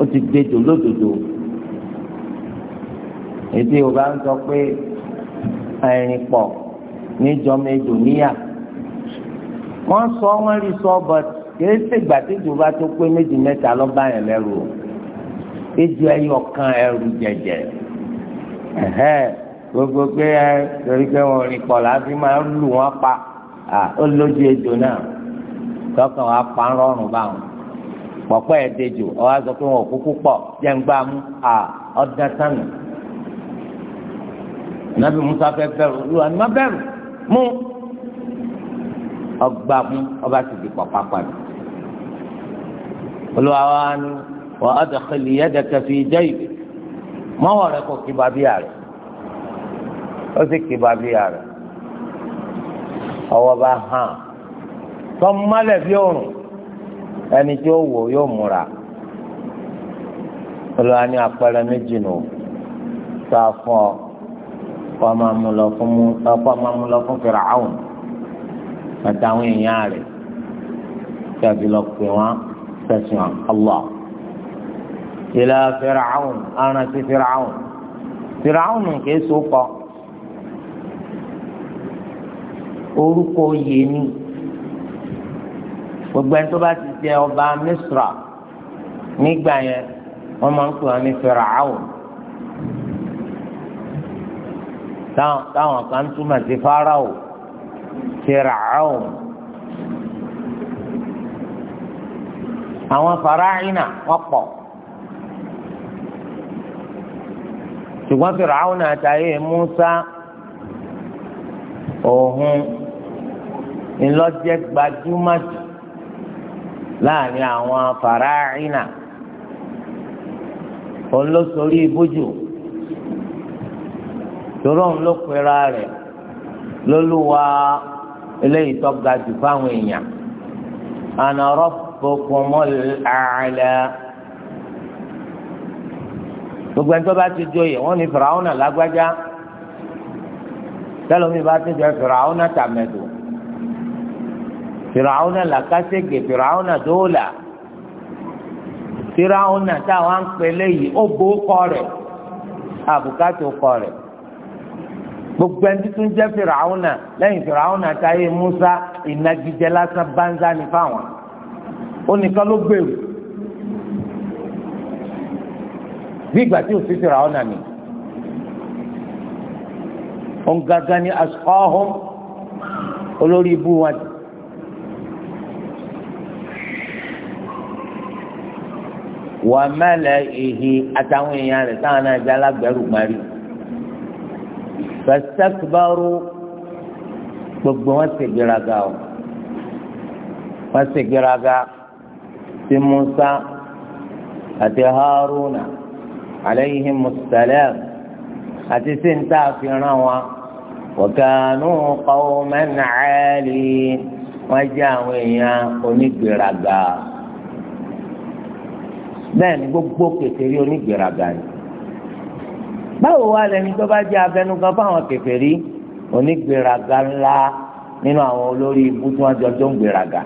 ó ti di ètò lódodo ètò yorùbá ń sọ pé ẹ̀rìn pọ̀ níjọba ètò níyà wọ́n sọ wọ́n rí sọ bọ̀t kìí ṣègbà tí ìjọba tó pé méjì mẹ́ta lọ́ba yẹn lẹ́rù o ejò ẹyọ kan ẹrù jẹjẹ gbogbo pé ẹ torí pé wọn rìn pọ̀ láti máa ń lù wọn pa ó lójú ejò náà tọkàn wa pa ń rọrùn báwọn pọ̀pọ̀ ẹ̀ dejò ọwọ́ sọ pé wọn ò kúkú pọ̀ jẹ́ ń gbá mú ọdún sànù nàbí musa fẹ́ bẹ̀rù olúwa ni má bẹ̀rù mú ọgbà mú ọba sì di pọ̀ pápá olúwa wa ni. وأدخل يدك في جيبك ما ورقك كبابيار أسك كبابيار أو باها ثم لفيون ẹni tí ó wò yóò múra olùwà ní àpẹẹrẹ méjì nù tá a fún ọ kó a máa mú lọ fún mú kó àtàwọn èèyàn rẹ̀ tàbí lọ pè wọn tẹsán Allah ìlà fìràwọn aràn sí fìràwọn fìràwọn kìí sopọ orúkọ oyè ni gbogbo ẹni tó bá ti jẹ ọba misra nígbà yẹn wọn máa ń pè wọn ní táwọn kan túmọ̀ sí fáráwò fìràwọn. àwọn faraahina wọn pọ̀. ṣùgbọ́n Fìràwọn àtàyè Musa òun ńlọ́jẹ́ gbajúmọ̀ jù láàrin àwọn fàráàrínà òun ló sorí ibójú tòró òun ló pera rẹ̀ lólúwa eléyìí tó ga jù fáwọn èèyàn ana rabbukumul a'la gbogbo ẹni tó bá ti joyè wọn ni fìràwọnà lágbájá tẹlomi bá ti jẹ fìràwọnà tàmẹdù fìràwọnà làkàṣègè fìràwọnà dóòlà fìràwọnà táwọn ń pèlè yìí ó bó kọ rẹ àbùkátò kọ rẹ gbogbo ẹni tuntun jẹ fìràwọnà lẹ́yìn fìràwọnà táyé musa ìnagijẹ lásán bánzá ní fáwọn ó nìkan ló bí ìgbà tí òsì ti rà ọ́ nàní. òun gangan ni asukọ́ ọ̀hún olórí ibú wọn. wà mẹ́lẹ̀ ìhì àtàwọn èèyàn rẹ̀ táwọn náà jẹ́ alágbẹ̀rù gbárí. fẹsẹ̀kìbárò gbogbo wọn sì gbéraga o wọn sì gbéraga sí Musa àti Haruna. عليهم السلام àti sí ní tá a fi ràn wọn wa kanu qawman 'alin wọ́n jẹ́ àwọn èèyàn onígbèraga bẹ́ẹ̀ ni gbogbo kèfèrí onígbèraga ni báwo wá lẹni tó bá jẹ́ abẹnugan fáwọn kèfèrí onígbèraga ńlá nínú àwọn olórí ibú tí wọ́n jọjọ́ ń gbèraga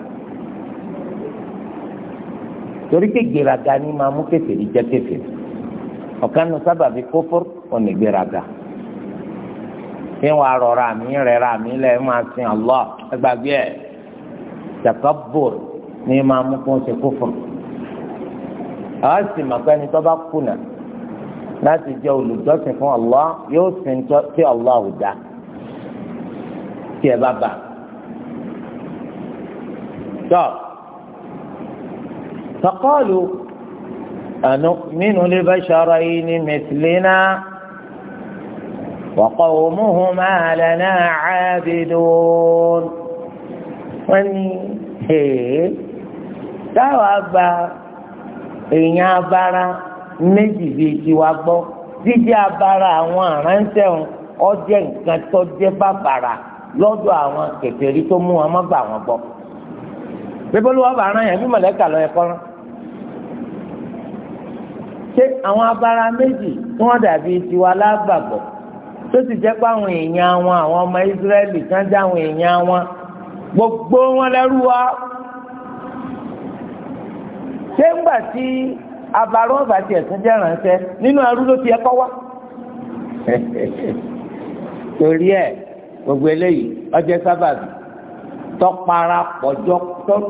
torí pé gbèraga ni máa mú kèfèrí jẹ́ kèfèrí ọ̀kan nu sábàbí kófór onígbéraga fi wàá rọra mi rẹra mi lẹ máa sin Allah ẹgbàgbé ẹ takabur ní máa mú kó ṣe kófór àwọn sì mà pé ẹni tó kùnà láti jẹ olùjọ́sìn fún Allah yóò sin tí Allah ò dá tí ẹ bá bà tọ́ tọ́kọ́ọ̀lù. أنؤمن لبشرين مثلنا وقومهما لنا عابدون وني هي táwa gba èèyàn abara méjì bíi tiwa gbọ́ jíjẹ́ abara àwọn aránṣẹ́ wọn ọjẹ́ nǹkan tó jẹ́ bàbàrà lọ́dọ̀ àwọn kèfèrí tó mú wọn má gbà wọn gbọ́. pépé ló wà bá ara yẹn bí mọ̀lẹ́kà lọ ẹ̀kọ́ rán ṣé àwọn abara méjì tí wọ́n dàbí tiwa lágbàgbọ́ tó sì jẹ́ pé àwọn èèyàn wọn àwọn ọmọ Ísírẹ́lì kan jẹ́ àwọn èèyàn wọn gbogbo wọn lẹ́rú wa ṣé ńgbà tí abara ọ̀bà tiẹ̀ tún jẹ́ ránṣẹ́ nínú ẹrú ló ti ẹ̀kọ́ wá [laughs] torí ẹ̀ gbogbo eléyìí ọjọ́ sábàbí tọ́parapọ̀ jọ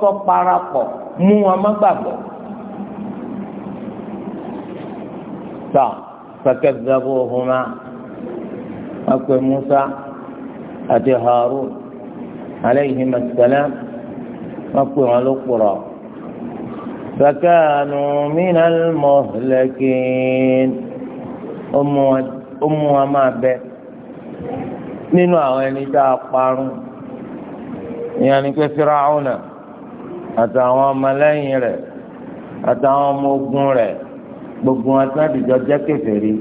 tọ́parapọ̀ mú wọn mọ́gbàgbọ́. Musa fakadzabuhuma wọ́n pe Musa àti Harun alayhim assalam wọ́n pe wọn ló kúrọ̀ fakanu minal muhlakin ó mú wọn máa bẹ nínú àwọn ẹni tá a parun ìyẹn ni pé Fir'auna àtàwọn ọmọlẹ́yìn rẹ̀ àtàwọn gbogbo wọn tí wọn dìjọ jẹ́ kèfèrí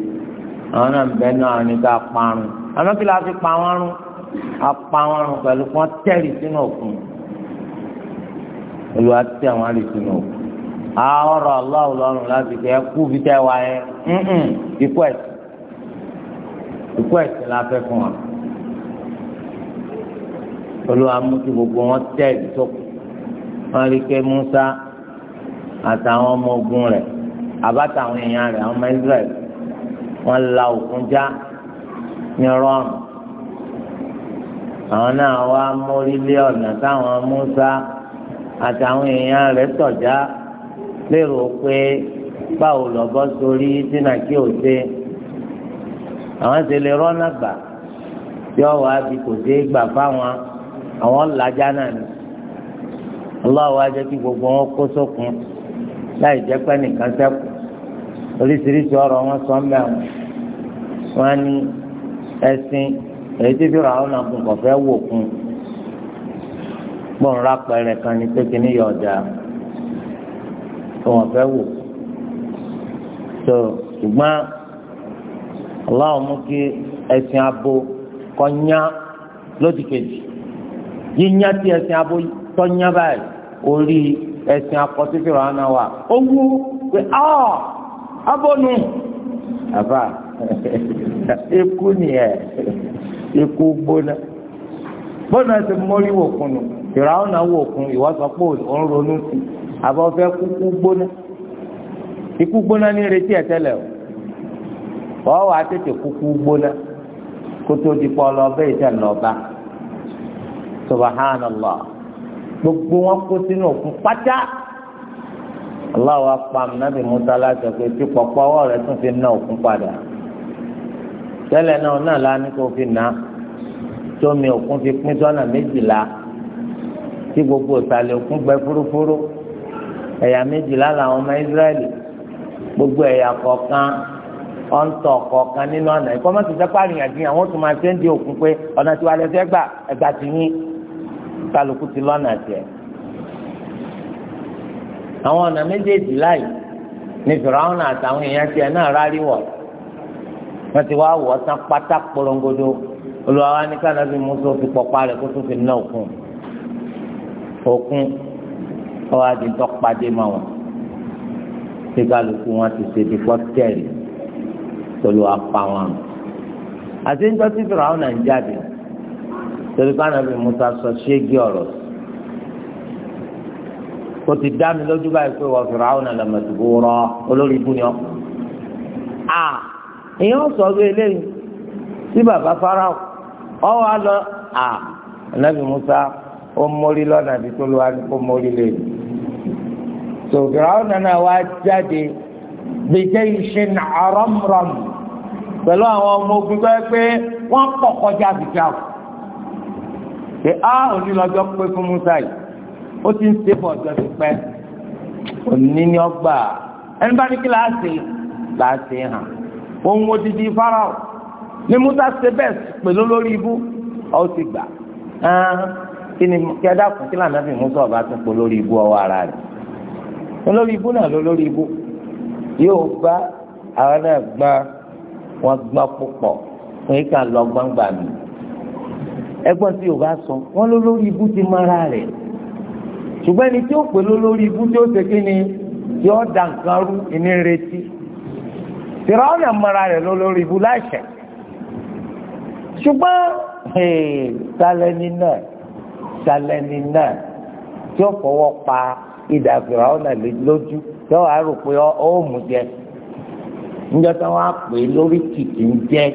àwọn náà ń bẹ náà ní ká parun àmọ́ kí la fi pa wọn rún a pa wọn rún pẹ̀lú kí wọn tẹrí sínú òkun olùwà tẹ wọn rí sínú òkun àárọ̀ aláwọ̀ lọ́rùn láti kẹ́ kú fi tẹ́ wa yẹn ikú ẹ̀sìn ikú ẹ̀sìn la fẹ́ fún wa olùwà mú kí gbogbo wọn tẹ̀lé sókun wọn rí kẹ́ Musa àtàwọn ọmọ ogun rẹ̀ àbáta àwọn èèyàn rẹ̀ àwọn ọmọ Israẹli wọ́n la òkun já ní rọrùn àwọn náà wá mórílé ọ̀nà táwọn Musa àtàwọn èèyàn rẹ̀ tọ̀já lérò pé báwo lọ́bọ́ sórí sínú àkí òde àwọn ti lè rọ́nà gbà tí ọwọ́ àbí kò dé gbà fáwọn àwọn làjá náà ni ọlọ́wọ́ ajẹ́ kí gbogbo wọn kó sókun. So láì jẹ́ pé nìkan sẹ́kù oríṣiríṣi ọ̀rọ̀ wọn sọ mẹ́rin wọn ní ẹ̀sìn èyí tí fìrà àwọn àgùn kò fẹ́ wò kún gbọ̀n rápẹ̀rẹ̀ kan ní pé kí ní yọ ọ̀dà wọn fẹ́ wò tó ṣùgbọ́n aláwọ̀ mú kí ẹ̀sìn abo kọ́ nyá lódìkejì yíyá tí ẹ̀sìn abo tọ́ nyá báyìí orí. ẹ̀sìn akọ́sífìrọ̀ àná wa ó wú pé ọ́ abọ́nu àbá [laughs] ikú nìyẹn ikú gbóná bọ́nà ti mórí wò kunu ìràwọ̀n náà wò kun ìwọ sọ pé òun ronú sí àbọ̀ fẹ́ kúkú gbóná ikú gbóná ní retí ẹ̀ tẹ́lẹ̀ o wọ́n tètè kúkú gbóná kótó gbogbo wọn kó sínú òkun pátá aláwọ apam nábì musa láti pé tí pọpọ ọwọ́ rẹ̀ tún fi ná òkun padà tẹ́lẹ̀ náà náà la ní kó fi ná tómi òkun fi pín sọ́nà méjìlá tí gbogbo ìsàlẹ̀ òkun gbẹ fúrúfúrú ẹ̀yà méjìlá làwọn ọmọ Ísírẹ́lì gbogbo ẹ̀yà kọ̀ọ̀kan ọ̀ǹtọ̀ kọ̀ọ̀kan nínú ọ̀nà ìkọ́mọ́sí sẹ́pàrìyàn dín àwọn tó máa ṣe ń di òkun pé ọ̀nà tí wàá lẹ́sẹ̀ gbà ẹ̀gbà tì yín kálukú ti lọ́nà tiẹ̀ àwọn ọ̀nà méjèèjì láì ní fìràwọn àtàwọn èèyàn tiẹ̀ náà rárí wọ̀ wọ́n ti wá wọ̀ tán pátá polongodo olùwàwá ní kánábì musa fi pọ̀pá rẹ̀ kó tó fi ná òkun òkun ọwọ́ àdìntọ́ pàdé mọ́ wọn tí kálukú wọn ti ṣe ti pọ́tẹ́ẹ̀lì tolu apá wọn àti nítorí fìràwọn náà ń jáde torí pé ànábì Musa sọ ṣégi ọ̀rọ̀ kò ti dá mi lójú báyìí pé wọ́n fi ráwọn àlàmọ̀tìbó rọ olórí ibú ni ọ́ à ìyẹn sọ bí eléyìí tí bàbá Fáráò ọ wà lọ à ànábì Musa ó mórí lọ́nà àti tó lọ́wọ́ ni kó mórí lé ní. tó ráwọn nàná jáde gbèjẹ́ iṣẹ́ ní àrọ́mùrọ́mù pẹ̀lú àwọn ọmọ ogun bẹ́ẹ̀ pé wọ́n pọ̀ kọjá àbíjà o pé A ah, òní lọ́jọ́ pé fún Musa yìí ó ti ń ṣe fún ọjọ́ ti pẹ́ òní ni ọgbà ẹni bá ní kí láàṣẹ láàṣẹ hàn ohun odidi Fáráò ní Musa ṣe bẹ́ẹ̀ pẹ̀lú lórí ibú ọ ti gbà kí ni kí ẹ dákun kí lànà fi Musa ọba tún pọ̀ lórí ibú ọwọ́ ara rẹ̀ olórí ibú náà ló lórí ibú yóò gbá àwọn náà gbọ́n wọn gbọ́n púpọ̀ fún yíká lọ gbọ́ngbà mi ẹgbọ́n tí yorùbá sọ wọ́n ló lórí ibú ti mara rẹ̀ ṣùgbọ́n ẹni tí ó pè ló lórí ibú tí ó ṣe kí ni tí ó da nǹkan rú ìní retí tìrọ̀nà mara rẹ̀ ló lórí ibú láṣẹ ṣùgbọ́n sálẹ́ni náà sálẹ́ni náà tí ó fọwọ́ pa ìdá tìrọ̀nà lójú tí ó wàá rò pé ó mú jẹ níjọ́ tí wọ́n á pè lórí kìkì ń jẹ́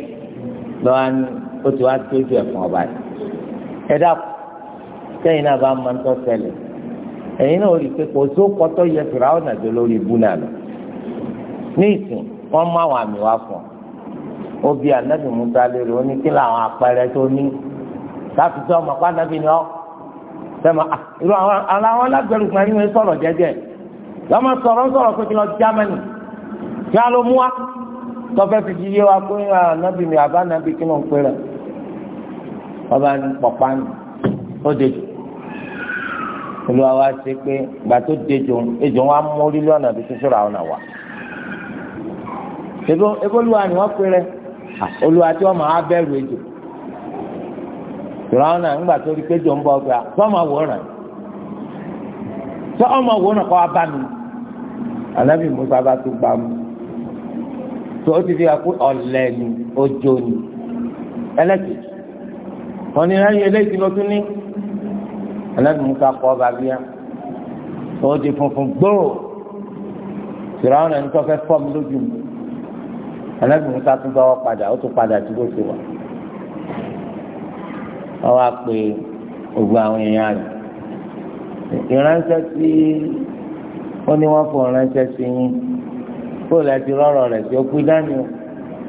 lọ́wọ́ ni ó ti wá tójú ẹ̀fọn ọba yìí ẹ dàpọ̀ sẹ́yìn náà bá máa ń tọ́ ṣẹlẹ̀ ẹ̀yin náà rí i pé kò só kọ́tọ́ yẹ fìràwọ̀ nàdó lórí ibú náà lọ ní ìsìn wọ́n mú àwọn àmì wá fún ọ ó bi ànábì Musa lérò ó ní kí làwọn àpẹẹrẹ láti sọ ọmọ pàtàkì ni ọ sẹ́mi ah, irú àwọn aláwọ̀ alágbẹ̀rù kan ní wọ́n sọ̀rọ̀ jẹ́jẹ́ lọ́mọ sọ̀rọ̀ sọ̀rọ̀ pé kí lọ Jámánì kí á ló mú wa tọ́fẹ́ fi yé wa pé ah, ànábì mi àbá ànábì kí ló ń pè rẹ̀ wọ́n bá ń pọ̀pá nù ó dejò olúwa wa ṣe pé gbà tó dejò ejò wọn á mú orí lọ́nà bí sísúra ọ̀nà wà ebóluwa ni wọ́n pèrè olúwa tí wọ́n máa bẹ̀rù ejò ìrọ̀ ọ̀nà ńgbà tó rí péjọ ń bọ̀ gbà tó ọmọ wòran tó ọmọ wòran kọ́ abá mi anábì musa bá tún gbà mú tó o ti fi hàn pé ọ̀lẹ ni ojó ni ẹlẹ́kẹ̀ẹ́ wọn ni láyé eléyìí ló tún ní aládùnmùsà kọ ọba bíyà ó di funfun gbòò tìrọ̀nà ní tó fẹ́ fọ́ mi lójú mi aládùnmùsà tún bá wọn padà ó tún padà tí kò sí wa wọn wá pé ògbó àwọn èèyàn rẹ̀ ìránṣẹ́ sí ó ní wọ́n fún ìránṣẹ́ sí yín kóòlù ẹtì rọrọ rẹ̀ sí ó pín dání o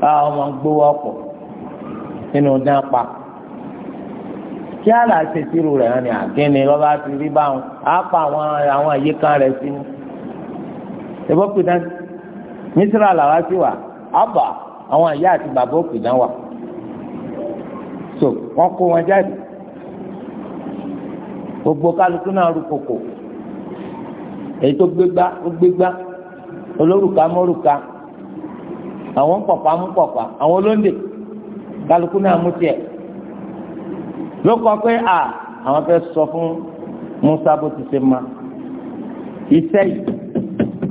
àwọn ọmọ gbówó ọ̀pọ̀ nínú dán pa. kí aláṣẹ tìrú rẹ̀ hàn ní àkínní lọ́ba ti rí báwọn á pa àwọn àwọn àyíká rẹ̀ sínú. ṣèbọ́ pìdán mísírà làwa sí wa àbà àwọn àyà àti bàbá ó wa. so wọ́n kó wọn jáde gbogbo kálukú náà rú kòkò èyí tó gbégbá ó olórùka mórùka àwọn ló kọ pé à àwọn fẹ́ sọ fún Musa bó ti ṣe ma iṣẹ́ yìí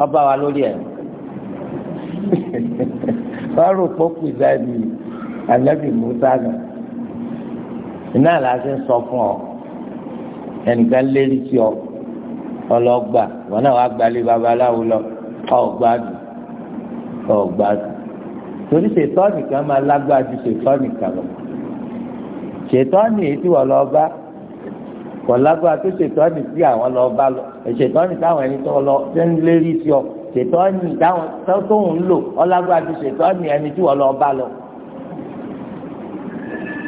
ọba wa lórí ẹ̀ [laughs] wọ́n rò pé kù sáàbì alẹ́bí Musa nà iná làásì ń sọ fún ọ ẹnìkan lérí sí ọ ọlọgbà wọn náà wàá gbalé babaláwo lọ ọgbàdùn ọgbàdùn torí ṣètọ́ nìkan máa lágbára ṣètọ́ nìkan lọ ṣètọ́nì èyí tí wọ́n lọ bá kọ̀ lágbára tó ṣètọ́nì tí àwọn lọ bá lọ ṣètọ́nì táwọn ẹni tó lọ ṣe ń lérí sí ọ ṣètọ́nì táwọn tóun ń lò ọlágbára tó ṣètọ́nì ẹni tí wọ́n lọ bá lọ.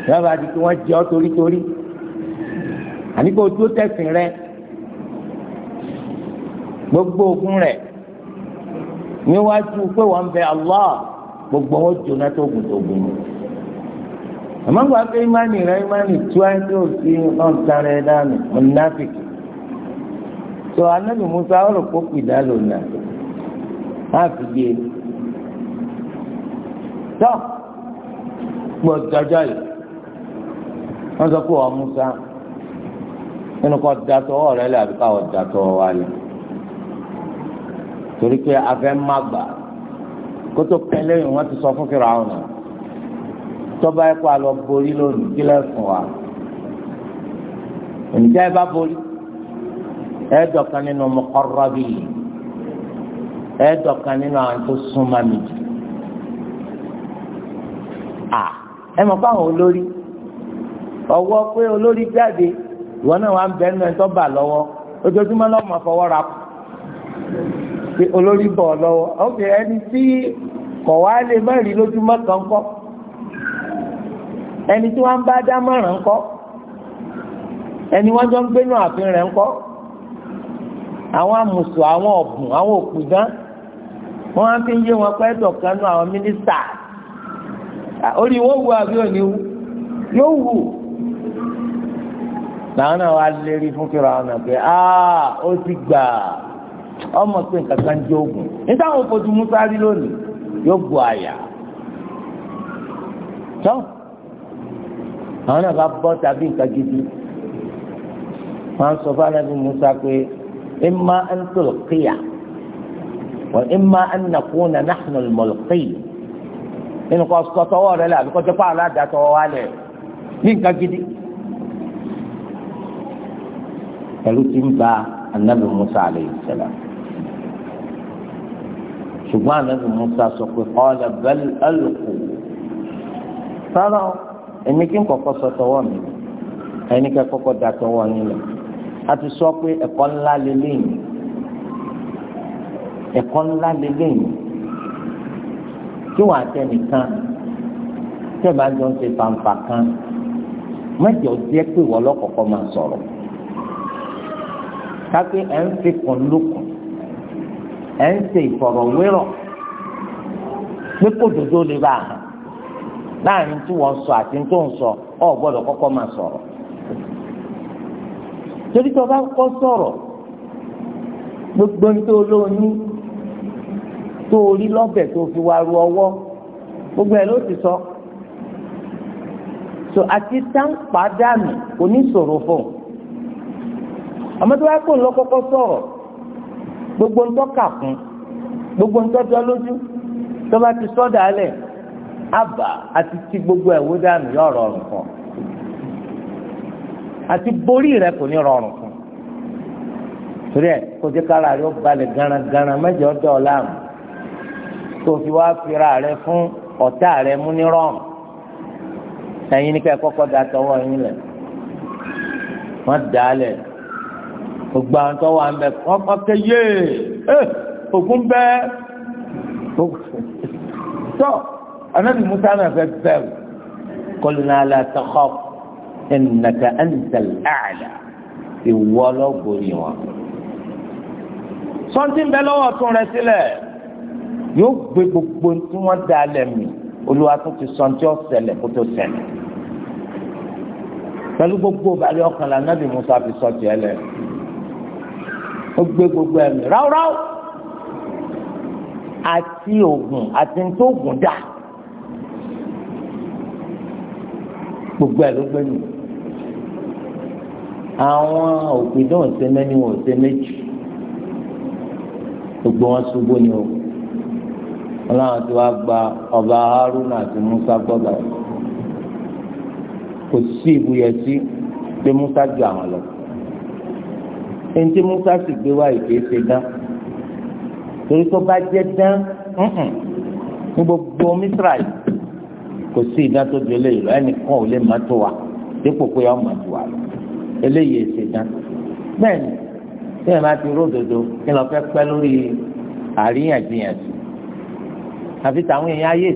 yọba di kí wọ́n jẹ́ ọ torítorí àní kó o tó tẹ̀sìn rẹ gbogbo ogun rẹ níwájú pé wọ́n ń bẹ Allah gbogbo wọn jóná tó gùn tó gùn yìí àmọ́ gba pé imani rẹ imani tíwájú òsì náà tara ẹ dànù mọ̀nàfíkì tó anábì musa ọ̀rọ̀ kó pìdá lòna láti gbé e. tó gbọ́ jọjọ́ yìí wọ́n sọ pé ọ̀ musa nínú kọ́ da tọwọ́ rẹ lẹ́ àbí káwọ́ da tọwọ́ wa lẹ́ torí pé afẹ́ má gbà kótó pẹ́lẹ́yìn wọ́n ti sọ fún fìrà ọ̀nà tọ́ba ẹ̀kọ́ àlọ́ borí lónìí kí lẹ́sùn wa ǹjẹ́ ẹ bá borí ẹ̀ẹ́dọ̀kan nínú mọ́kọ́rọ́bì ẹ̀ẹ́dọ̀kan nínú àwọn tó súnmọ́ mi jù à ẹ mọ̀ fáwọn olórí ọwọ́ pé olórí jáde ìwọ náà wà ń bẹ́ẹ̀ nù ẹ̀ tọ́ba lọ́wọ́ ojoojúmọ́ lọ́wọ́ máa fọwọ́ ra kù pé olórí bọ̀ lọ́wọ́ ok, ẹni tí kọ̀ wá lè má rí lójúmọ́ kan kọ́. ẹni tí wọ́n bá dá ń kọ́? ẹni wọ́n jọ ń gbénu àfin rẹ̀ kọ́? àwọn amùsù àwọn ọ̀bùn àwọn òkùdán wọ́n á fi ń yé wọn pẹ́ dọ̀kan àwọn mínísítà orí wọ́n wù àbí òní wù yóò wù làwọn náà lérí fún kíra náà pé ó ti gbà ọmọ pé àwọn náà bá bọ́ tàbí nǹkan gidi wọn sọ fún anabi musa pé imma an tulqiya wa imma an nakuna nahnu al-mulqin nínú kọ́ sọ́tọ́wọ́ rẹ làbí kọ́ tẹ́pá aládàtọ̀wọ́ wa lẹ̀ ní nǹkan gidi pẹ̀lú tí ń ba anabi musa alayhi salam ṣùgbọ́n anabi musa sọ pé qala bal alqu sọ́nà èmi kí n kọ́kọ́ sọ tọwọ́ mi ẹni ká kọ́kọ́ da tọwọ́ yín lọ a ti sọ pé ẹ̀kọ́ ńlá lélẹ́yìn ẹ̀kọ́ ńlá lélẹ́yìn kí wọ́n àtẹnìkan tẹ́ bá jọ ń ṣe fanfa kan mẹ́jọ jẹ́ pé wọ́n lọ́kọ̀ọ́kọ́ máa sọ̀rọ̀ kápẹ́ ẹ̀ ń fi kùn lókun ẹ̀ ń ṣe ìfọ̀rọ̀wérọ̀ pé kò dodo lè bá a hàn láàrin tí wọ́n sọ àti tó ń sọ ọ gbọ́dọ̀ kọ́kọ́ máa sọ̀rọ̀ torí tó bá kọ́ sọ̀rọ̀ gbogbo ní tó lóní tó rí lọ́bẹ̀ tó fi wá ru ọwọ́ gbogbo ẹ̀ ló ti sọ so àti táǹpà dànù kò ní sọ̀rọ̀ fún un àmọ́ tó bá kó lọ kọ́kọ́ sọ̀rọ̀ gbogbo ń tọ́ka fún gbogbo ń tọ́jọ́ lójú tó bá ti sọ́dà lẹ̀ aba àti ti gbogbo ẹ̀wọ́ dànù yóò rọrùn fún ọ àti borí rẹ kò ní rọrùn fún torí ẹ kò jẹ́ kára rẹ ó balẹ̀ garagara mẹ́jọ dọ̀ ọ́ láàmú tó fi wá fira rẹ fún ọ̀tá rẹ mú ní rọrùn ẹ̀yin ní ká kọ́kọ́ da tọwọ́ yín lẹ̀ wọ́n dà á lẹ̀ gbogbo àwọn tó wà ń bẹ kọ́kọ́ ké yé eh, ògùn bẹ́ẹ̀ tó anabi musa náà fẹ́ bẹ̀rù kọlùnà la takhaf innaka antal a'la ìwọ lọgòrì wọn. sọ́ńtì ń bẹ lọ́wọ́ tún rẹ sílẹ̀ yóò gbé gbogbo tí wọ́n dá lẹ́mìí olúwa tún ti sọ́ńtì ọ̀sẹ̀lẹ̀ kó tó ṣẹlẹ̀ pẹ̀lú gbogbo balẹ̀ ọkàn la nàbì musa fi sọ tiẹ̀ lẹ̀ ó gbé gbogbo ẹ̀mí ráúráú àti oògùn àti ntòògùn dà gbogbo ẹ̀ ló gbẹ́nu àwọn òpin náà ṣe mẹ́ni wọn ṣe méjì gbogbo wọn ṣubú ni o wọn làwọn ti wá gba ọba Haruna àti Musa gbọ́dọ̀ kò sí ìbúyẹsí pé Musa ju àwọn lọ ẹni tí Musa sì gbé wá ìké ṣe dán torí tó bá jẹ́ dán ní gbogbo Mísírà yìí kò sí idán tó ju eléyìí lọ ẹnìkan ò lè má tó wa dípò pé ọmọ ju wa lọ eléyìí èsì idán bẹ́ẹ̀ ni tí ẹ máa ti ródòdó kí lọ fẹ́ pẹ́ lórí àríyànjiyàn sí àfi tàwọn èèyàn ayé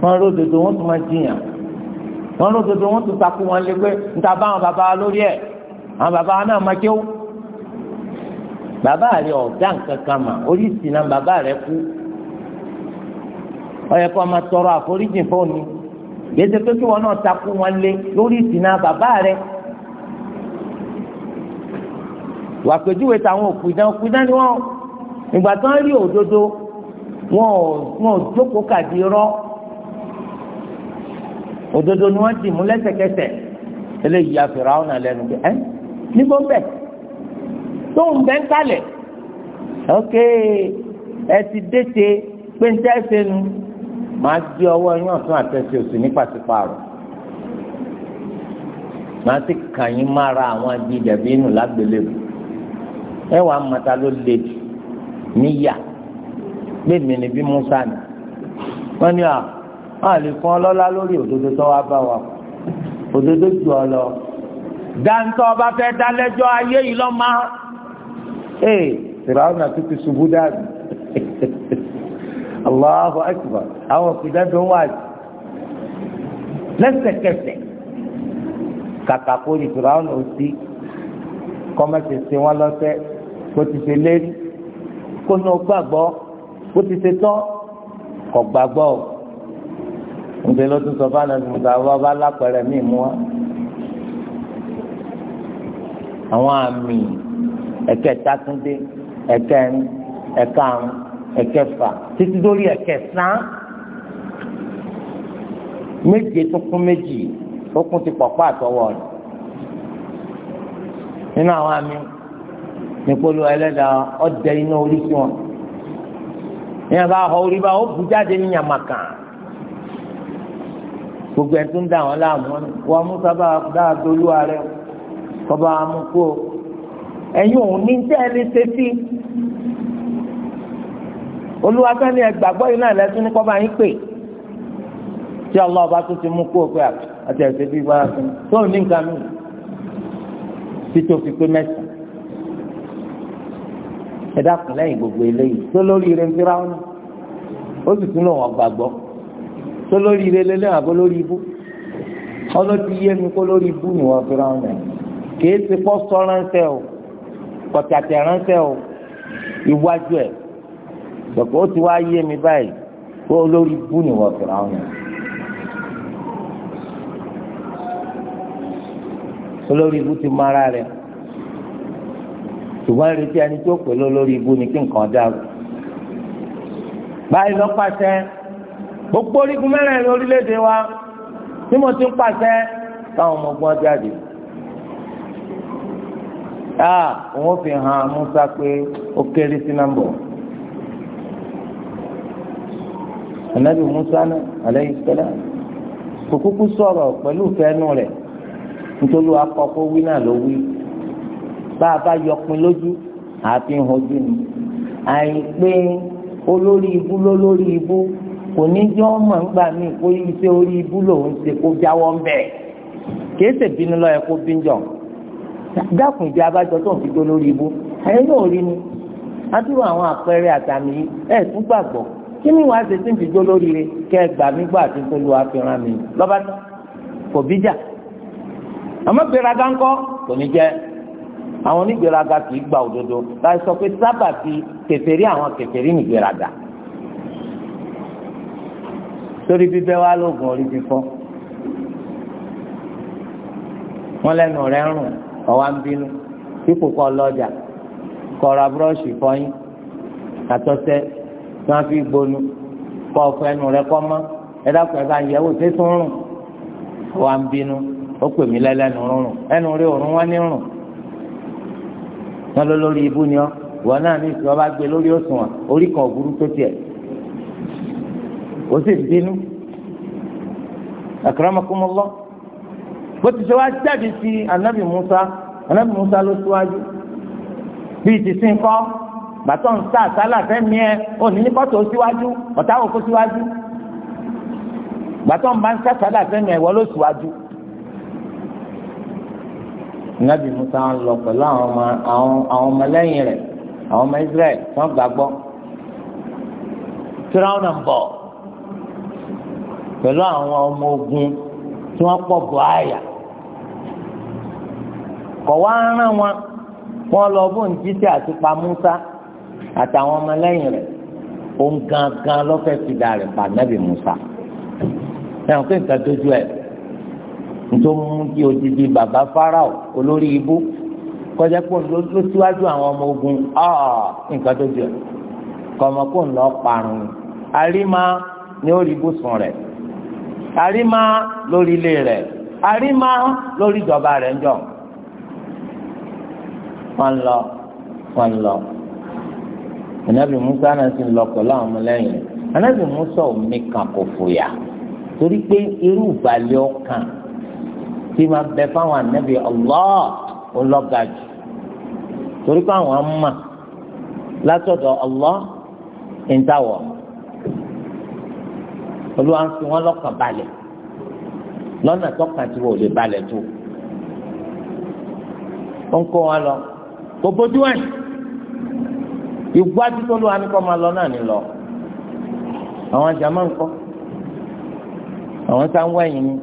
wọn ródòdó wọn tún máa jiyàn wọn ródòdó wọn tún takú wọn lé pé níta bá àwọn bàbá wa lórí ẹ àwọn bàbá wa náà máa kéwú bàbá rẹ ọ̀dà nǹkan kan mà orí ìsìn náà bàbá rẹ kú ọyẹ kó máa tọrọ àforíjì fóònù yẹtẹ pé kí wọn náà takú wọn lé lórí ìsìnà bàbá rẹ wà pèjúwe táwọn òkùdá òkùdá ni wọn ìgbà tán rí òdodo wọn ò wọn ò jókòó kàdí rọ òdodo ni wọn dì mú lẹ́sẹ̀kẹsẹ̀ eléyìí àfẹrẹ àwọn àlẹnu bẹ ẹ níbo bẹ tó ń bẹ ń kalẹ̀ ok ẹ ti dé te pé ń tẹ́ ṣe nu màá gbé ọwọ́ yín ọ̀tún àtẹ̀sí òsì ní pàṣípààrọ̀ màá sì kàn yín mára àwọn agi ìjẹ̀bí inú lágbélébù ẹ wà á mọta ló le jù níyà gbèmí ni bí Musa ni wọ́n ní à á lè fún ọ lọ́lá lórí òdodo tó wá bá wa òdodo jù ọ lọ dáńtọ́ ọba fẹ́ dá lẹ́jọ́ ayé yìí lọ́ọ́ máa ee tìrọ̀ àwọn àti ti ṣubú dàbí. [laughs] Allahu akbar àwọn òkúta tó ń wá lẹ́sẹ̀kẹsẹ̀ kàkà kó ní fìràwọn òsì kọ́mẹ́sì sí wọn lọ́sẹ̀ kó ti ṣe lérí kó ní o gbàgbọ́ kó ti ṣe tán kò gbàgbọ́ o ǹjẹ́ ló tún sọ fún àwọn ọ̀sùnkà bá lápẹ̀rẹ̀ mí mú wa. àwọn àmì ẹ̀kẹta tún dé ẹ̀kẹrin ún ẹ̀kẹfà títí dórí ẹ̀kẹsán méje tó kún méjì ó kún ti pọ̀pọ̀ àtọwọ́ rẹ̀ nínú àwọn àmì nípolówó ẹlẹ́dàá ọ̀dẹ iná orí sí wọn yẹn bá họ orí bá ó bu jáde ní yàmàkà gbogbo ẹ̀ tó ń dà wọ́n láàmú wọn mú sábà dáa dolú ààrẹ kọ́ bá wọn mú kó ẹ̀yin òun ní tẹ́ ẹ lè ṣe sí i olúwa sani ẹgbàgbọ́ yìí náà lẹ́tún ní kọ́ba yín pè tí Allah ọba tó ti mú kó o pé àti ẹ̀sẹ̀ bíi wá tó ní nǹkan mi tí tó fi pé mẹ́sàn-án ẹ dákun lẹ́yìn gbogbo eléyìí tó lórí ire ń fira wọn ó sì tún lọ wọn gbàgbọ́ tó lórí ire lélẹ́ àbó lórí ibú ọlọ́tí yé mi kó lórí ibú ni wọ́n fira wọn kì í ti pọ́ sọ o pọ̀tàtẹ̀ ránṣẹ́ o iwájú ẹ̀ sọ̀kò ó ti wá yé mi báyìí kó olórí bú ni wọ́n fìrà wọn. olórí ibú ti mọ ara rẹ̀ ṣùgbọ́n ìrètí ẹni tó pè lólórí ibú ni kí nǹkan dàrú. báyìí lọ pàṣẹ gbogbo orígun mẹ́rẹ̀ẹ̀rin orílẹ̀-èdè wa tí mo ti ń pàṣẹ táwọn ọmọ ogun jáde a ah, òun fi hàn Musa pé ó kéré sí nàmbọ̀. anabi musa náà alayhi salam kò sọ̀rọ̀ pẹ̀lú fẹ́nu rẹ̀ nítorí akọkọ wí náà ló wí bá a bá yọpin lójú àfihàn ojú ni àìpé olórí ibú lólórí ibú kò ní jẹ́ ọmọ ńgbà mí kó iṣẹ́ orí ibú lòun ṣe kó jáwọ́ ń bẹ̀ kìí bínú lọ́yẹ kó bíjọ dákun ìdí abájọ tó ń fi lórí ibú ẹ̀yin náà rí ni kí ni wàá ṣe tí ń fi jó lóríire kẹ́ ẹ gbà mí gbà tí tó lu àfihàn mi lọ́ba tán kò bí jà àmọ́ gbéraga ńkọ́ kò ní jẹ́ àwọn onígbéraga kì í gba òdodo láì sọ pé sábà fi kèfèrí àwọn kèfèrí nìgbéraga torí bíbẹ́ wá lóògùn orí fífọ́ wọ́n lẹ́nu rẹ̀ ń rùn ọ̀wá ń bínú dípò kọ́ lọ́jà kọ́ra búrọ́ọ̀ṣì fọyín àtọ́sẹ́ tí wọ́n fi gbónú kọ́ ọ̀fọ̀ ẹnu rẹ kọ́ mọ́ ẹ dákun ẹ bá ń yẹ̀wò tí sùn rùn wà ń bínú ó pè mí lẹ́lẹ́nu rúnrùn ẹnu rí òórùn wọn ní rùn wọn lọ lórí ibú ni ọ wọn náà ní ìsìn ọba gbé lórí òṣùwọ̀n orí kan òbúrú tó tiẹ̀ ó sì bínú akramakumullah bó ti ṣe wá jáde sí anabi musa anabi musa ló síwájú bíi ti sìn kọ́ bàtọ̀ ń sá àsálà fẹ́mi ẹ òní ní kọ́tò síwájú ọ̀tá òkú síwájú bàtọ̀ ń bá ń sá àsálà fẹ́mi ẹ wọ́n ló síwájú. Nábì Musa ń lọ pẹ̀lú àwọn ọmọlẹ́yìn rẹ̀ àwọn ọmọ Israẹl wọ́n gbàgbọ́ tíráwọn náà ń bọ̀ pẹ̀lú àwọn ọmọ ogun tí wọ́n pọ̀ bọ̀ àyà kọ̀ wá ń rán wọn wọ́n lọ bó ń jíṣẹ́ àti Musa àtàwọn ọmọlẹ́yìn rẹ̀ òun gangan lọ́fẹ̀ẹ́ ti da rẹ̀ pa nẹ́bì Musa ẹ̀hún pé nǹkan tójú ẹ̀ nítorí mú kí odidi bàbá Fáráò olórí ibú kọjá pé ló síwájú àwọn ọmọ ogun ah, nǹkan tójú ẹ̀ kọ̀mọ́ kó ń lọ parun àríma ni ó rí ibùsùn rẹ̀ àríma lórí ilé rẹ̀ àríma lórí ìjọba rẹ̀ ń jọ wọn lọ wọn lọ anabi musa náà sì lọ pẹ̀lú àwọn ọmọlẹ́yìn anabi musa ò mí kan kò fòyà torí pé irú ìbàlẹ̀ ọkàn tí máa bẹ fáwọn anabi Allah ọlọ́gà jù torí pé àwọn ama látọ̀dọ̀ Allah ń tàwọ̀ olúwa ń fi wọn lọ́kàn balẹ̀ lọ́nà tọ́kàn tí wọ́n lè balẹ̀ tó ó ń kó wọn lọ kò bójú ẹ̀yìn ìwájú tó lóra kọ́ máa lọ náà ní lọ àwọn jàmá ńkọ́ àwọn tá ń wẹ̀yìn ni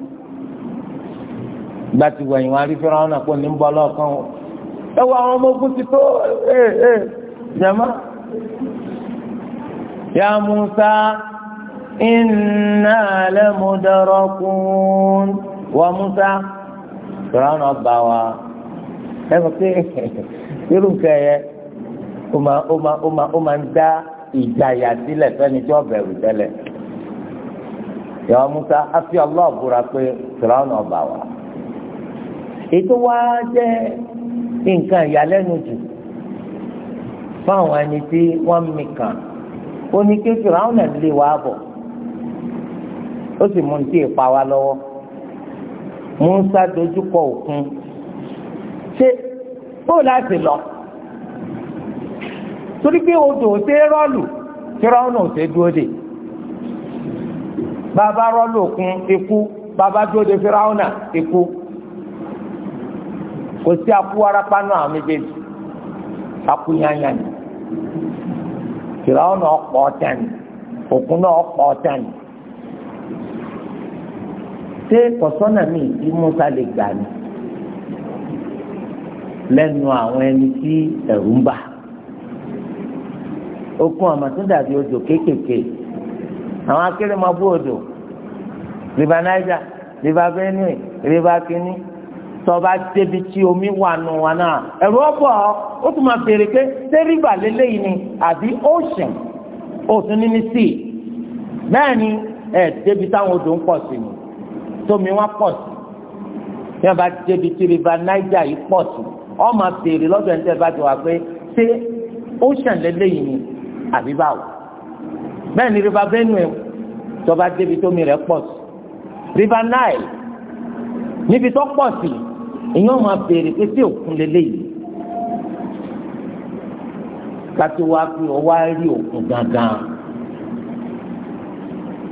gba wẹ̀yìn wọn arífẹ́ra wọn nàpọ̀ ní ń bọ́ lọ́ọ̀kan o ẹ wọ àwọn ọmọ ogun ti tó ẹ ẹ jàmá ya Musa inna lamudarakun wa Musa fẹ́ra wọn wa ẹ fọ pé [laughs] irú nǹkan yẹn ó máa ó máa ó máa ó máa ń dá ìjayà sílẹ̀ fẹ́ni tí wọ́n bẹ̀rù tẹ́lẹ̀ ìyá musa afi ọlọ́ọ̀bùra pé fìràwọn ọba wa ètò wa jẹ́ nǹkan ìyàlẹ́nu jù fáwọn ẹni tí wọ́n mi kàn ó ní kí fìràwọn náà lè wá bọ̀ ó sì mú ní tí ì pa wá lọ́wọ́ musa dojúkọ òkun ṣé bó láti lọ torí pé odò ṣe rọ́ọ̀lù tí rọ́ọ̀nù ṣe dúró dè bàbá rọ́ọ̀lù òkun ikú bàbá dúró dè fíráúnà ikú kò sí akú arápánú àwọn méjèèjì akú yányá ni fíráúnà ọ̀pọ̀ ọ̀tá ni òkun náà ọ̀pọ̀ ọ̀tá ni ṣé kọ̀sọ́nà mi tí Musa lè gbà ní lẹ́nu àwọn ẹni tí ẹ̀rù ń bà okun àmọ́ tó dàbí kekeke kéékèèké àwọn akéré máa bú odò river Niger rìbá Benue river kínní tọba débi tí omi wà nù wà náà ẹ̀rọ ọ̀pọ̀ ó tún máa fèrè pé ṣé rìbá lélẹ́yìn ni àbí ocean ó tún ní ní sea bẹ́ẹ̀ ni ẹ̀ débi táwọn odò ń pọ̀ sí ni tómi pọ̀ sí bá débi tí Niger yìí pọ̀ sí ọ máa fèrè lọ́dọ̀ ẹ̀ tẹ́ bá ti wà pé ṣé ocean ni. àbí báwo bẹ́ẹ̀ ni river benue tó bá débi tómi rẹ̀ pọ̀ sí river nile níbi tó pọ̀ sí èèyàn máa béèrè pé sí òkun lélẹ́yìí kátó wá pé ọ wá rí òkun gangan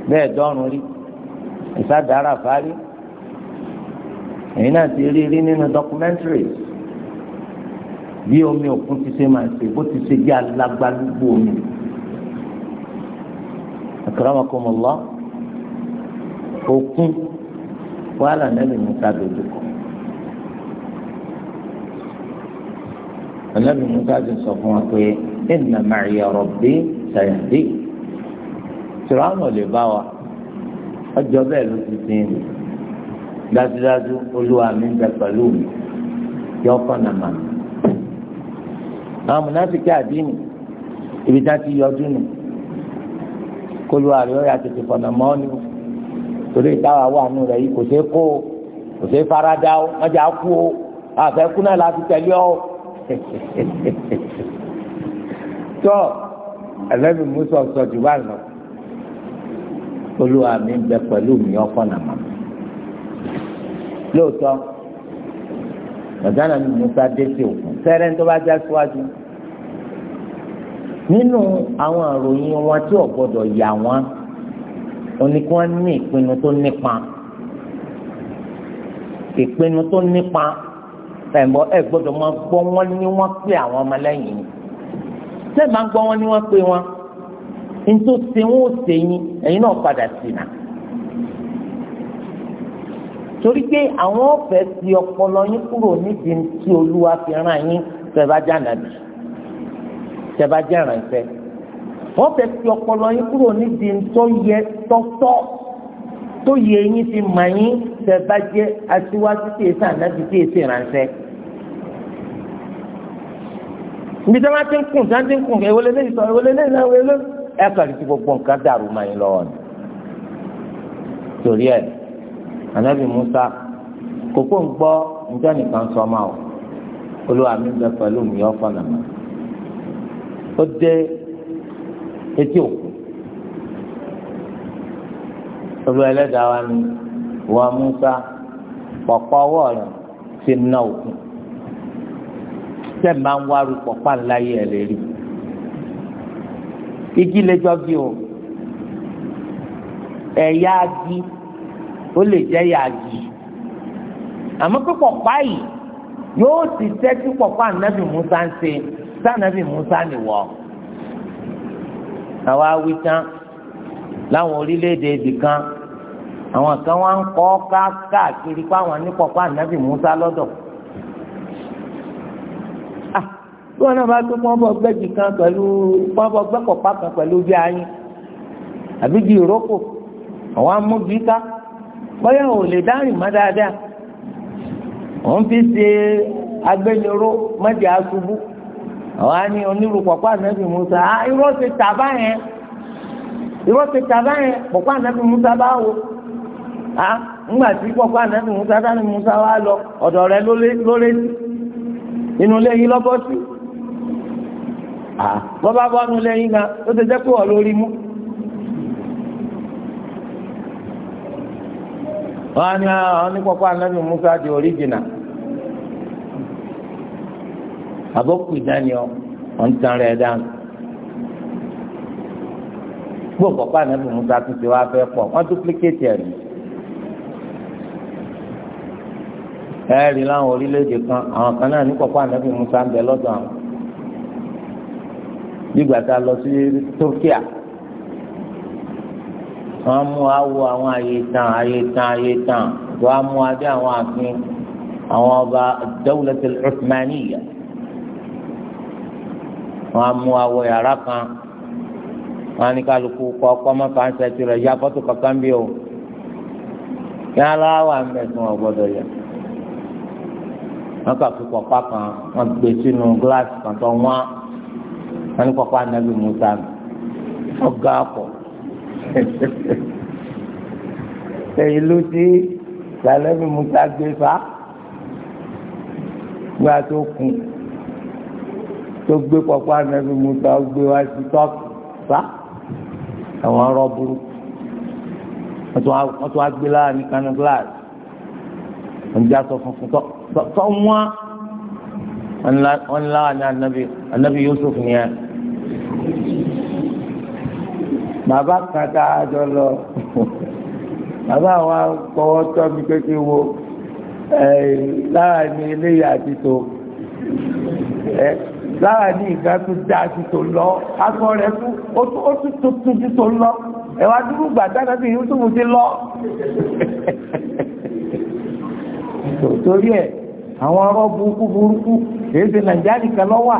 bẹ́ẹ̀ dọ́rùn rí ìsádára fárí èyí náà ti rí rí nínú documentaries bí omi òkun ti ṣe máa ṣe bó ti ṣe jẹ́ alágbálúgbò omi. akramakumullah òkun wàhálà nẹ́bí Musa dojú kọ. nẹ́bí Musa ti sọ fún wa pé inna ma'iya rabbi sayahdi tìrọ̀nà lè bá wa ọjọ́ bẹ́ẹ̀ ló ti sin mi dájúdájú olúwa mi ń bẹ pẹ̀lú mi yọ ọkọ̀ nà màmí àwọn mùnàfíkì àdínì ibi tá a ti yọjú nù kólú àríwá yà tètè fọ̀nà mọ́ ni torí ìtawà wà nù rẹ̀ yìí kò ṣeé kó kò ṣeé farada o wọ́n kú o àfẹ́ kú náà la fi tẹ̀lé o [laughs] tọ́ ẹlẹ́bi musa sọ jù bá lọ olúwa mi bẹ pẹ̀lú mi ọkọ̀ nàmọ́ lóòótọ́ ọ̀dánà ni musa dé sí òkun sẹ́rẹ́ tó bá já síwájú nínú àwọn àròyìn wọn tí ò gbọdọ̀ yà wọn òní kí wọ́n ní ìpinnu tó nípa ìpinnu tó nípa ẹ̀mọ́ ẹ̀ gbọ́dọ̀ máa gbọ́ wọ́n ní wọ́n pé àwọn ọmọlẹ́yìn ni tẹ́ẹ̀ máa gbọ́ wọ́n ní wọ́n pé wọn ní tó ṣe wọ́n ó ṣe yín ẹ̀yin náà padà sí náà torí pé àwọn ọ̀fẹ́ ti ọpọlọ yín kúrò nídìí tí olúwa fi ràn yín tẹ̀bá jànàbì tẹ̀bá jẹ̀rànṣẹ́ wọ́n fẹ́ ti ọpọlọ yín kúrò nídìí tó yẹ tọ́tọ́ tó yẹ yín fi mọ̀ yín tẹ̀bá jẹ́ aṣíwájú tí èsì ànábì tí èsì ránṣẹ́ ibi tí wọ́n ti ń kùn tí wọ́n ti ń kùn ewele lè sọ ewele lè sọ ewele ẹ kàrí ti gbogbo nǹkan dàrú mọ́ yín lọ́wọ́ ni torí ẹ̀ anabi musa kókó ń gbọ́ njẹ́ nìkan sọ ma o olúwa mi bẹ pẹ̀lú mi yọ fọ́nà ma ó dé etí òkú olúwa ẹlẹ́dàá wa ni wà musa pọ̀pọ̀ ọwọ́ rẹ̀ ti ná òkú sẹ́ẹ̀ máa ń wá rúpọ̀ pàǹláyé ẹ̀ lè rí igi lẹ́jọ́ bí o ẹ̀yà agi. E ó lè jẹ́ yàgì àmọ́ pípọ̀ páyì yóò sì tẹ́tí pọ̀pọ̀ ànábì Musa ń ṣe sànábì Musa nìwọ. àwa wí tán láwọn orílẹ̀-èdè ibì kan àwọn kan wá ń kọ́ káàkiri pé àwọn ní pọ̀pọ̀ ànábì Musa lọ́dọ̀. Ah, bí wọn náà bá tó pọ́n bọ́ gbẹ́jì kan pẹ̀lú pọ́n bọ́ gbẹ́pọ̀pá kan pẹ̀lú bí ayín àbí bí ìrókò àwọn amúbíká. bóyá ò lè dárìn má dáadáa wọ́n fi ṣe agbẹjọ́rò mọ́jà aṣubú àwọn àni onírú pọ̀pọ̀ ànábì Musa á ah, irọ́ ti tà báyẹn irọ́ ti tà báyẹn pọ̀pọ̀ ànábì Musa bá wò á ah, ńgbà tí pọ̀pọ̀ ànábì Musa dání Musa wá lọ wọn á ní àwọn onípọ̀pọ̀ anábì musa di oríjìnà àbókù ìdánìọ wọn tan rẹ dánù gbogbo musa tún ti wá fẹ́ pọ̀ wọ́n dúpílíkéètì ẹ̀ ẹ̀rí láwọn orílẹ̀ kan àwọn kan náà ní musa ń bẹ lọ́dọ̀ àwọn. nígbà tá wọ́n mú wa wo àwọn àyè tán àyè tán àyè tán wọ́n mú wa bí àwọn àfin àwọn ọba dawlatul Uthmaniyya wọ́n mú wa wo yàrá kan wọ́n ní kálukú kọ ọkọ mọfà ń ṣe tirẹ̀ ya fọ́tò kankan bí o yàrá wà ń bẹ tí wọ́n gbọ́dọ̀ yẹ wọ́n kà fi pọpá kan wọ́n gbé sínú gíláàsì kan tó wọ́n wọ́n ní pọpá anabi musa ọgá pọ ẹ̀yìn ló dé sàlẹ́bí musa gbé fa gba tó kù tó gbé pọ̀pọ̀ ànábì musa gbé wá sí tọ́kì fa àwọn ọ̀rọ̀ burú wọ́n tún wá gbé láàrin kánú gíláàsì wọ́n já sọ funfun tọ́ wọ́n ńlá ní ànábì Yusuf nìyẹn bàbá kan tá a jọ lọ bàbá wa kọ́wọ́ tọ́ mi kékeré wo lára ní eléyìí àti tó lára ní ìgbà tó dá sí tó lọ akọ rẹ fún ó tún tó tójú tó lọ ẹwà dúró gbàdá náà bí yóò ti lọ torí ẹ àwọn ọ̀rọ̀ burúkú burúkú èyí ti nàìjíríà nìkan lọ wà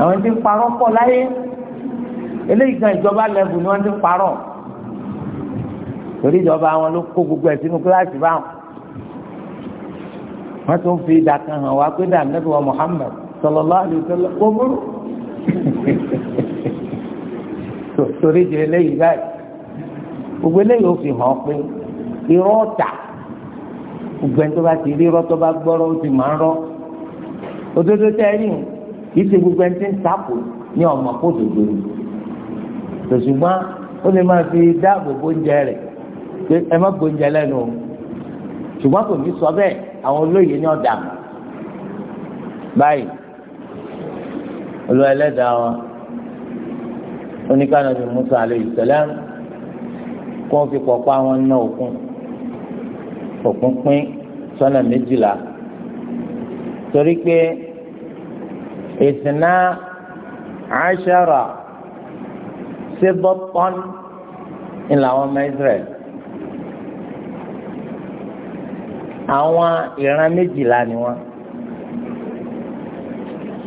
àwọn ti parọ́ pọ̀ láyé eléyìí gan ìjọba lẹ́bù ni wọ́n ti ń parọ́ torí ìjọba wọn ló kó gbogbo ẹ̀ sínú kíláàsì báwọn wọ́n tún fi ìdá kan hàn wá pé dà nẹ́bí wa Muhammad sallallahu alaihi wasallam kó burú torí ìjọ eléyìí báyìí gbogbo eléyìí ó fi hàn pé irọ́ ọ̀tà gbogbo ẹni tó bá ti rí irọ́ tó bá gbọ́rọ́ ó ti máa ń rọ́ òdodo tẹ́ ẹ rí kì í ń takò ní ọmọ kó dodo yìí tòṣùgbọ́n ó lè máa fi dáàbò bóúnjẹ rẹ̀ pé ẹ má gbóúnjẹ lẹ́nu o ṣùgbọ́n kò ní sọ bẹ́ẹ̀ àwọn olóyè ní ọ̀dà báyìí olú ẹlẹ́dàá wọn oníkànnàbí Musa alayhi salam kó wọn fi pọ̀pọ̀ àwọn ná òkun òkun pín sọ́nà méjìlá torí pé ìsìnà àṣàrà ṣé bọ́pọ́n ń làwọn ọmọ Israẹl àwọn ìran méjìlá ni wọn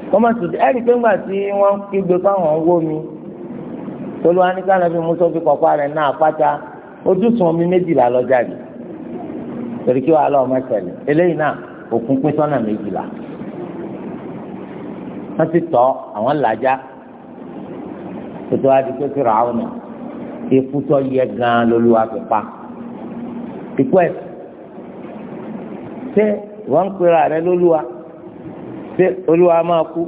wọ́n máa sùn ẹ́ rí i pé ńgbà tí wọ́n kígbe káwọn wó mi tolúwa ní ká nàbí musa fi kọ̀ọ̀kọ́ rẹ̀ náà pátá ojúsùn omi méjìlá lọ́jà rí torí kí wàá lọ́ọ́ mẹ́sẹ̀lẹ̀ eléyìí náà òkun pín sọ́nà méjìlá wọ́n ti tọ́ àwọn làjá kótó wá di pé Fíráúnà ikú tó yẹ gan lolúwa fi pa ikú ẹ̀ ṣé wọ́n ń pera rẹ lolúwa ṣé olúwa máa kú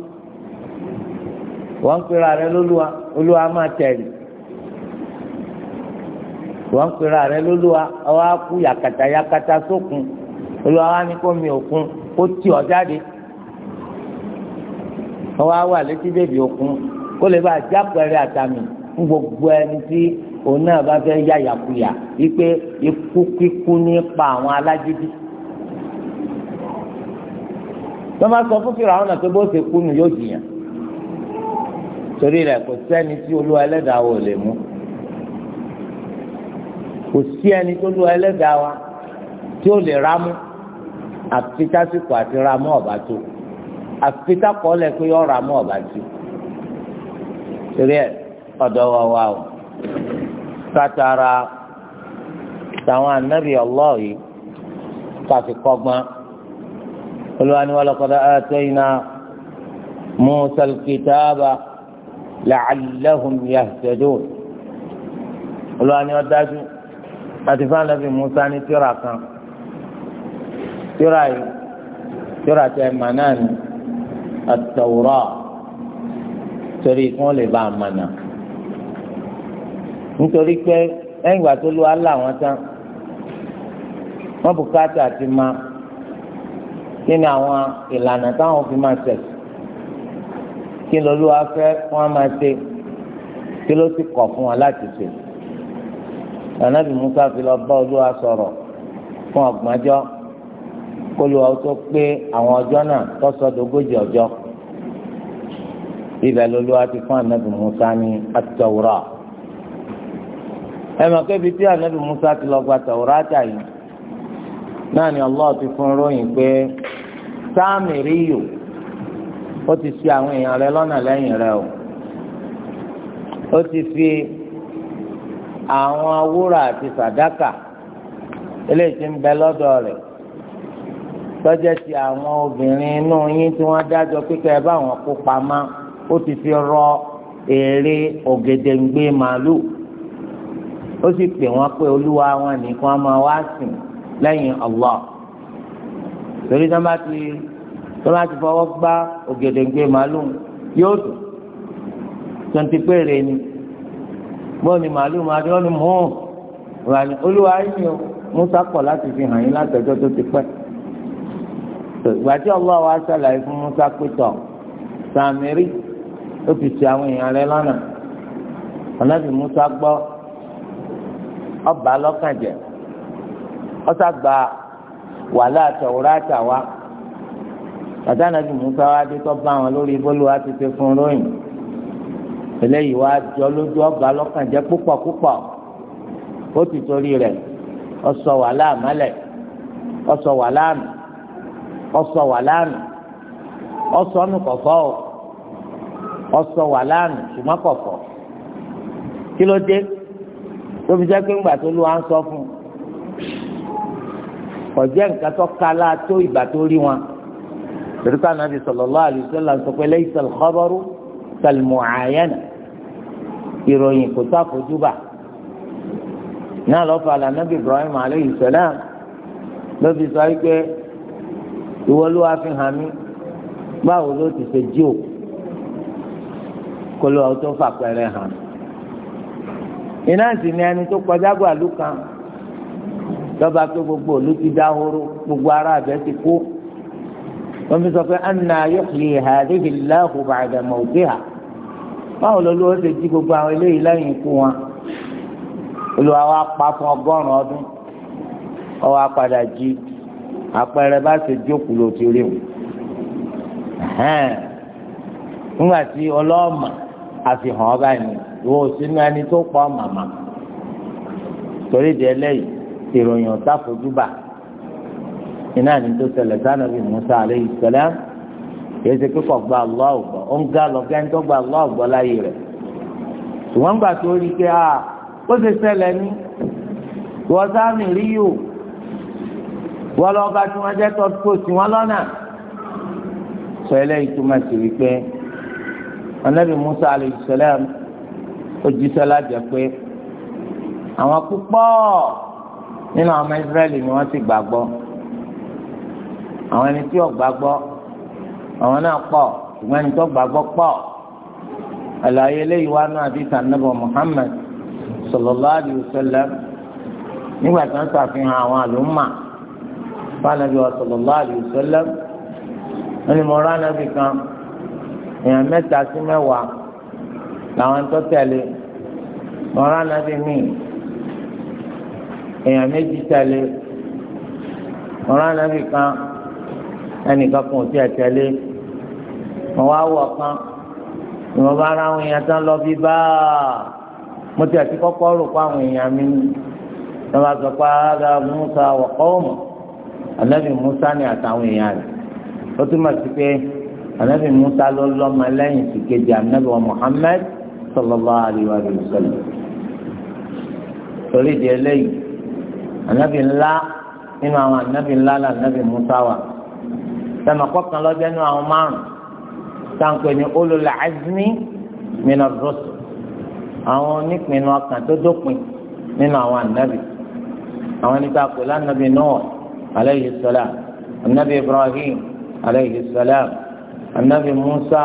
wọ́n ń pera rẹ lolúwa olúwa máa tẹ̀lé wọ́n ń pera rẹ lolúwa ọwọ́ kú yàkàtà yàkàtà sókun olúwa wá ní kó mi òkun kó tì ọ́ jáde ọwọ́ wà létí bèbí òkun kó lè bá àjápẹ̀rẹ̀ àtàmì fún gbogbo ẹni tí òun náà bá fẹ́ yàyàkuyà wípé ikú kíkú nípa àwọn alágídí. tó máa sọ fún fìràwọn náà pé bó ṣe kú ni yóò jìyàn torí rẹ̀ kò sẹ́ni tí olúwa ẹlẹ́dàá wò lè mú kò sí ẹni tó lu ẹlẹ́dàá wa tí ó lè rámú àfitásìkò àti rámú ọ̀bá tó àfitásìkò yọ rámú ọ̀bá torí ẹ ọ̀dọ̀ wa wa o kátàrà tàwọn anábì ọlọ́ọ̀yì káfí kọ́gbọ́n olùwàní wa laqad atayna Musa al-kitaba la'allahum yahtadun olùwàní wa dájú àti fún anábì Musa ní tíra kan tíra yìí tíra tẹ mànáà ní at nítorí kí wọ́n lè bá a mànà nítorí pé lẹ́yìn ìgbà tó lu alá wọn tán wọ́n bùkátà ti máa kí ni àwọn ìlànà táwọn fi máa ṣẹ̀sì kí lólu afẹ́ wọn máa ṣe kí ló sì kọ̀ fún wọn láti ṣe ànábì Musa fi lọ bá Olúwa sọ̀rọ̀ fún ọgbọ̀njọ́ kó lu ọ pé àwọn ọjọ́ náà tó sọ ọjọ́. ibẹ̀ lọ́lọ́wọ́ ti fún anabi musa ní atawura ẹ mọ̀ pé ibi tí anabi musa ti lọ gba tawura ta yìí náà ni ti fún ròyìn pé sáàmì ríyò ó ti fi àwọn èèyàn rẹ lọ́nà lẹ́yìn rẹ o ó ti fi àwọn wúrà àti sadaka eléyìí ń bẹ lọ́dọ̀ rẹ̀ tọ́jẹ́ ti àwọn obìnrin inú yín tí wọ́n dájọ́ ó ti fi rọ èrè ògèdèǹgbè màálù ó sì pè wọ́n pé olúwa wọn nìkan máa wá sìn lẹ́yìn Allah torí tó bá ti tó bá ti fọwọ́ gbá ògèdèǹgbè yóò dùn ni bọ́ọ̀ ni máa dé Musa kọ̀ láti fi hàn yín látọjọ́ tó ti pẹ́ ìgbà tí Allah wa sàlàyé fún Musa pé tọ̀ sàmìrì. ó fi ti àwọn èèyàn rẹ lọ́nà ọ̀nàbì musa gbọ́ ọba lọ́kànjẹ́ ọ̀sà gba wàhálà àtọ̀wúrọ̀ àtàwá bàtà nàbì musa wá dé tó bá wọn lórí bólú wá ti ṣe fún ròyìn eléyìí wá jọ lójú ọba lọ́kànjẹ́ púpọ̀ púpọ̀ ó ti torí rẹ̀ ọsọ wàhálà àmàlẹ̀ ọsọ wàhálà àmì ọsọ wàhálà àmì ọsọ ọnù kọ̀ọ̀kọ́ o ọsọ wà lánàá ṣùgbọ́n kọ̀kọ̀ kí ló dé tó fi jẹ́ pé ńgbà tó lù wá ń sọ fún un kọjá nǹkan tó kala tó ìgbà tó rí wọn tẹ̀síkà nàbì sallallahu alaihi wasallam sọ pé laysa al-khabaru ìròyìn kò tó àfojúbà náà lọ́ọ́ fàlà Ibrahim alaihi salam ló fi sọ wípé ìwọ ló fi hàn mí báwo ló ti ṣe jí òkú kólú àwọn tó fà pẹ́rẹ́ hàn iná sì ni ẹni tó kọjá gbà lù kan lọ́ba pé gbogbo òlu ti dáhóró gbogbo ara àbẹ́ ti kú wọ́n fi sọ pé anna yuhyi hadhihi Allahu ba'da mawtiha báwo lolú ó ṣe jí gbogbo àwọn eléyìí lẹ́yìn ikú wọn Olúwa wa pa fún ọgọ́rùn ọdún ọwọ́ apàdà jí àpẹẹrẹ bá ṣe jókòó ló ti nígbà tí ọlọ́ọ̀mà àfihàn ọba ẹni ìwọ sínú ẹni tó pọ̀ màmá torí di eléyìí ìròyìn ọ̀tá fojúbà iná ni tó ṣẹlẹ̀ sanabi Musa aleyhi sẹlẹm kìí ṣe kíkọ gba Allah ọgbọ ó ń gá lọ gẹ́ni tó gba Allah ọgbọ láyé rẹ̀ ṣùgbọ́n gbà tó rí pé a ó ṣe ṣẹlẹ̀ ní wọ́n sáàmì rí yòó wọ́n lọ́ọ́ bá tí wọ́n jẹ́ tó tó sí wọn lọ́nà sọ eléyìí túmọ̀ sí wípé anabi musa alayhi salam òjíṣẹ́ lájẹ pé àwọn púpọ̀ nínú ọmọ israẹli ni wọ́n ti gbàgbọ́ àwọn ẹni tí ò gbàgbọ́ àwọn náà pọ̀ ṣùgbọ́n ẹni tó gbàgbọ́ pọ̀ àlàyé eléyìí wá náà bí sànàbọ muhammed sallallahu alayhi wa sallam nígbà tí wọ́n ṣàfihàn àwọn àlùmọ fún anabi wa sallallahu alayhi wa wọ́n ní mo rán anabi kan èèyàn mẹ́ta sí mẹ́wàá làwọn tó tẹ̀lé mọ̀rán nàbí mi èèyàn méjì tẹ̀lé mọ̀rán nàbí kan ẹnìkan kò tí ẹ̀ tẹ̀lé mọ̀ wá wọ̀ kan ìwọ̀n bá ara àwọn èèyàn tán lọ bí báà mo ti àti kọ́kọ́ rò pé àwọn èèyàn mi ní wọ́n sọ pé ara Musa wọ̀ kọ́ ọ̀mọ̀ ànábì Musa ni àtàwọn èèyàn rẹ̀ ó túmọ̀ sí pé anabi musa ló lọ́mọ lẹ́yìn tí kejì anabi wa muhammed sallallahu alayhi wa sallam torí di eléyìí anabi ńlá nínú àwọn anabi ńlá la anabi musa wa sẹ́mi kọ́kàn lọ́jọ́ nínú àwọn márùn sáǹkó ni ulul azmi minar rusul àwọn onípinnu ọkàn tó dópin nínú àwọn anabi àwọn ẹni tá a pè lánàbì Nuh alayhi salam anabi ibrahim alayhi salam. النبي موسى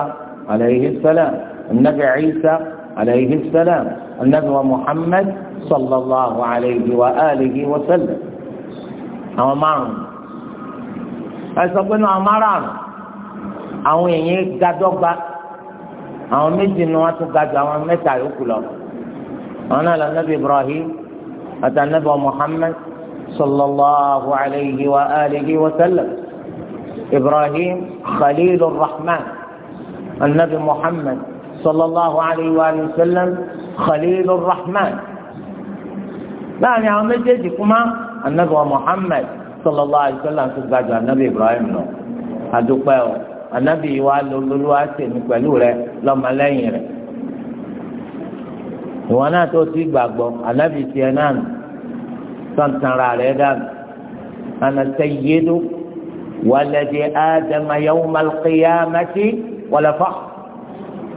عليه السلام النبي عيسى عليه السلام النبي محمد صلى الله عليه وآله وسلم àwọn márùn ẹsọ pé náà márùn àwọn èèyàn gadọgba àwọn méjì ni wọn tún gadu àwọn mẹ́ta yòókù lọ àwọn náà lànàbí ibrahim àti ànàbí muhammed sallallahu alayhi wa alihi wa sallam. إبراهيم خليل الرحمن النبي محمد صلى الله عليه وآله وسلم خليل الرحمن لا يعني عمل جدي النبي محمد صلى الله عليه وسلم سبقى النبي إبراهيم هذا هو النبي وآله للواسي نقوله له لما لينه وانا توتي بابو النبي سينان سنتنا رالي دان أنا سيدو waladi adama yawmal qiyamati wala fakhr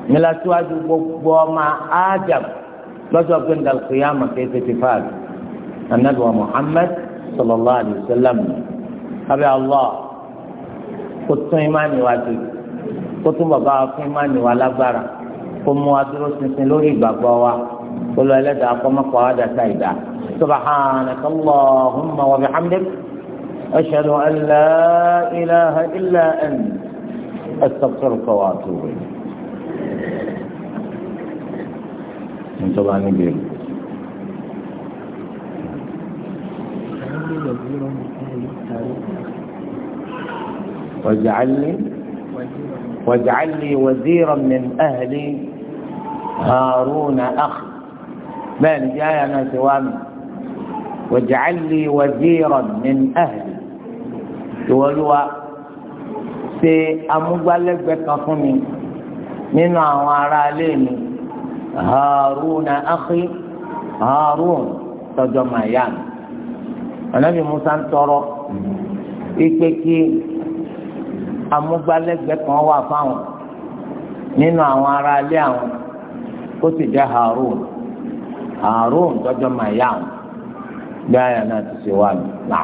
nílá síwájú gbogbo ọmọ adam lọ́sọ̀ pé ndàl qiyama kéèké ti fàájú anabi wa muhammad sallallahu alayhi wa sallam abẹ́ allah kó tún imáni wa dùn kó tún bàbá wa fún imáni wa lágbára kó mú wa dúró ṣinṣin lórí ìgbàgbọ́ wa kó lọ ẹlẹ́dàá kó má pa dàtà ìdá subhanaka allahumma wa bihamdik. أشهد أن لا إله إلا أنت أستغفرك وأتوب إليك من طبعا نجيب واجعل لي واجعل لي وزيرا من أهلي هارون أخ بل جاءنا آية، أنا سوامي واجعل لي وزيرا من أهلي ìwọlúwa ṣe amúgbálẹ́gbẹ̀ẹ́ kan fún mi nínú àwọn aráalé mi Haruna akhi Harun tọjọ màyà mi Ànábì Musa ń tọrọ ipe kí amúgbálẹ́gbẹ̀ẹ́ kan wà fáwọn nínú àwọn aráalé àwọn ó sì jẹ́ Harun Harun tọjọ màyà mi bí àyà ti ṣe wà náà.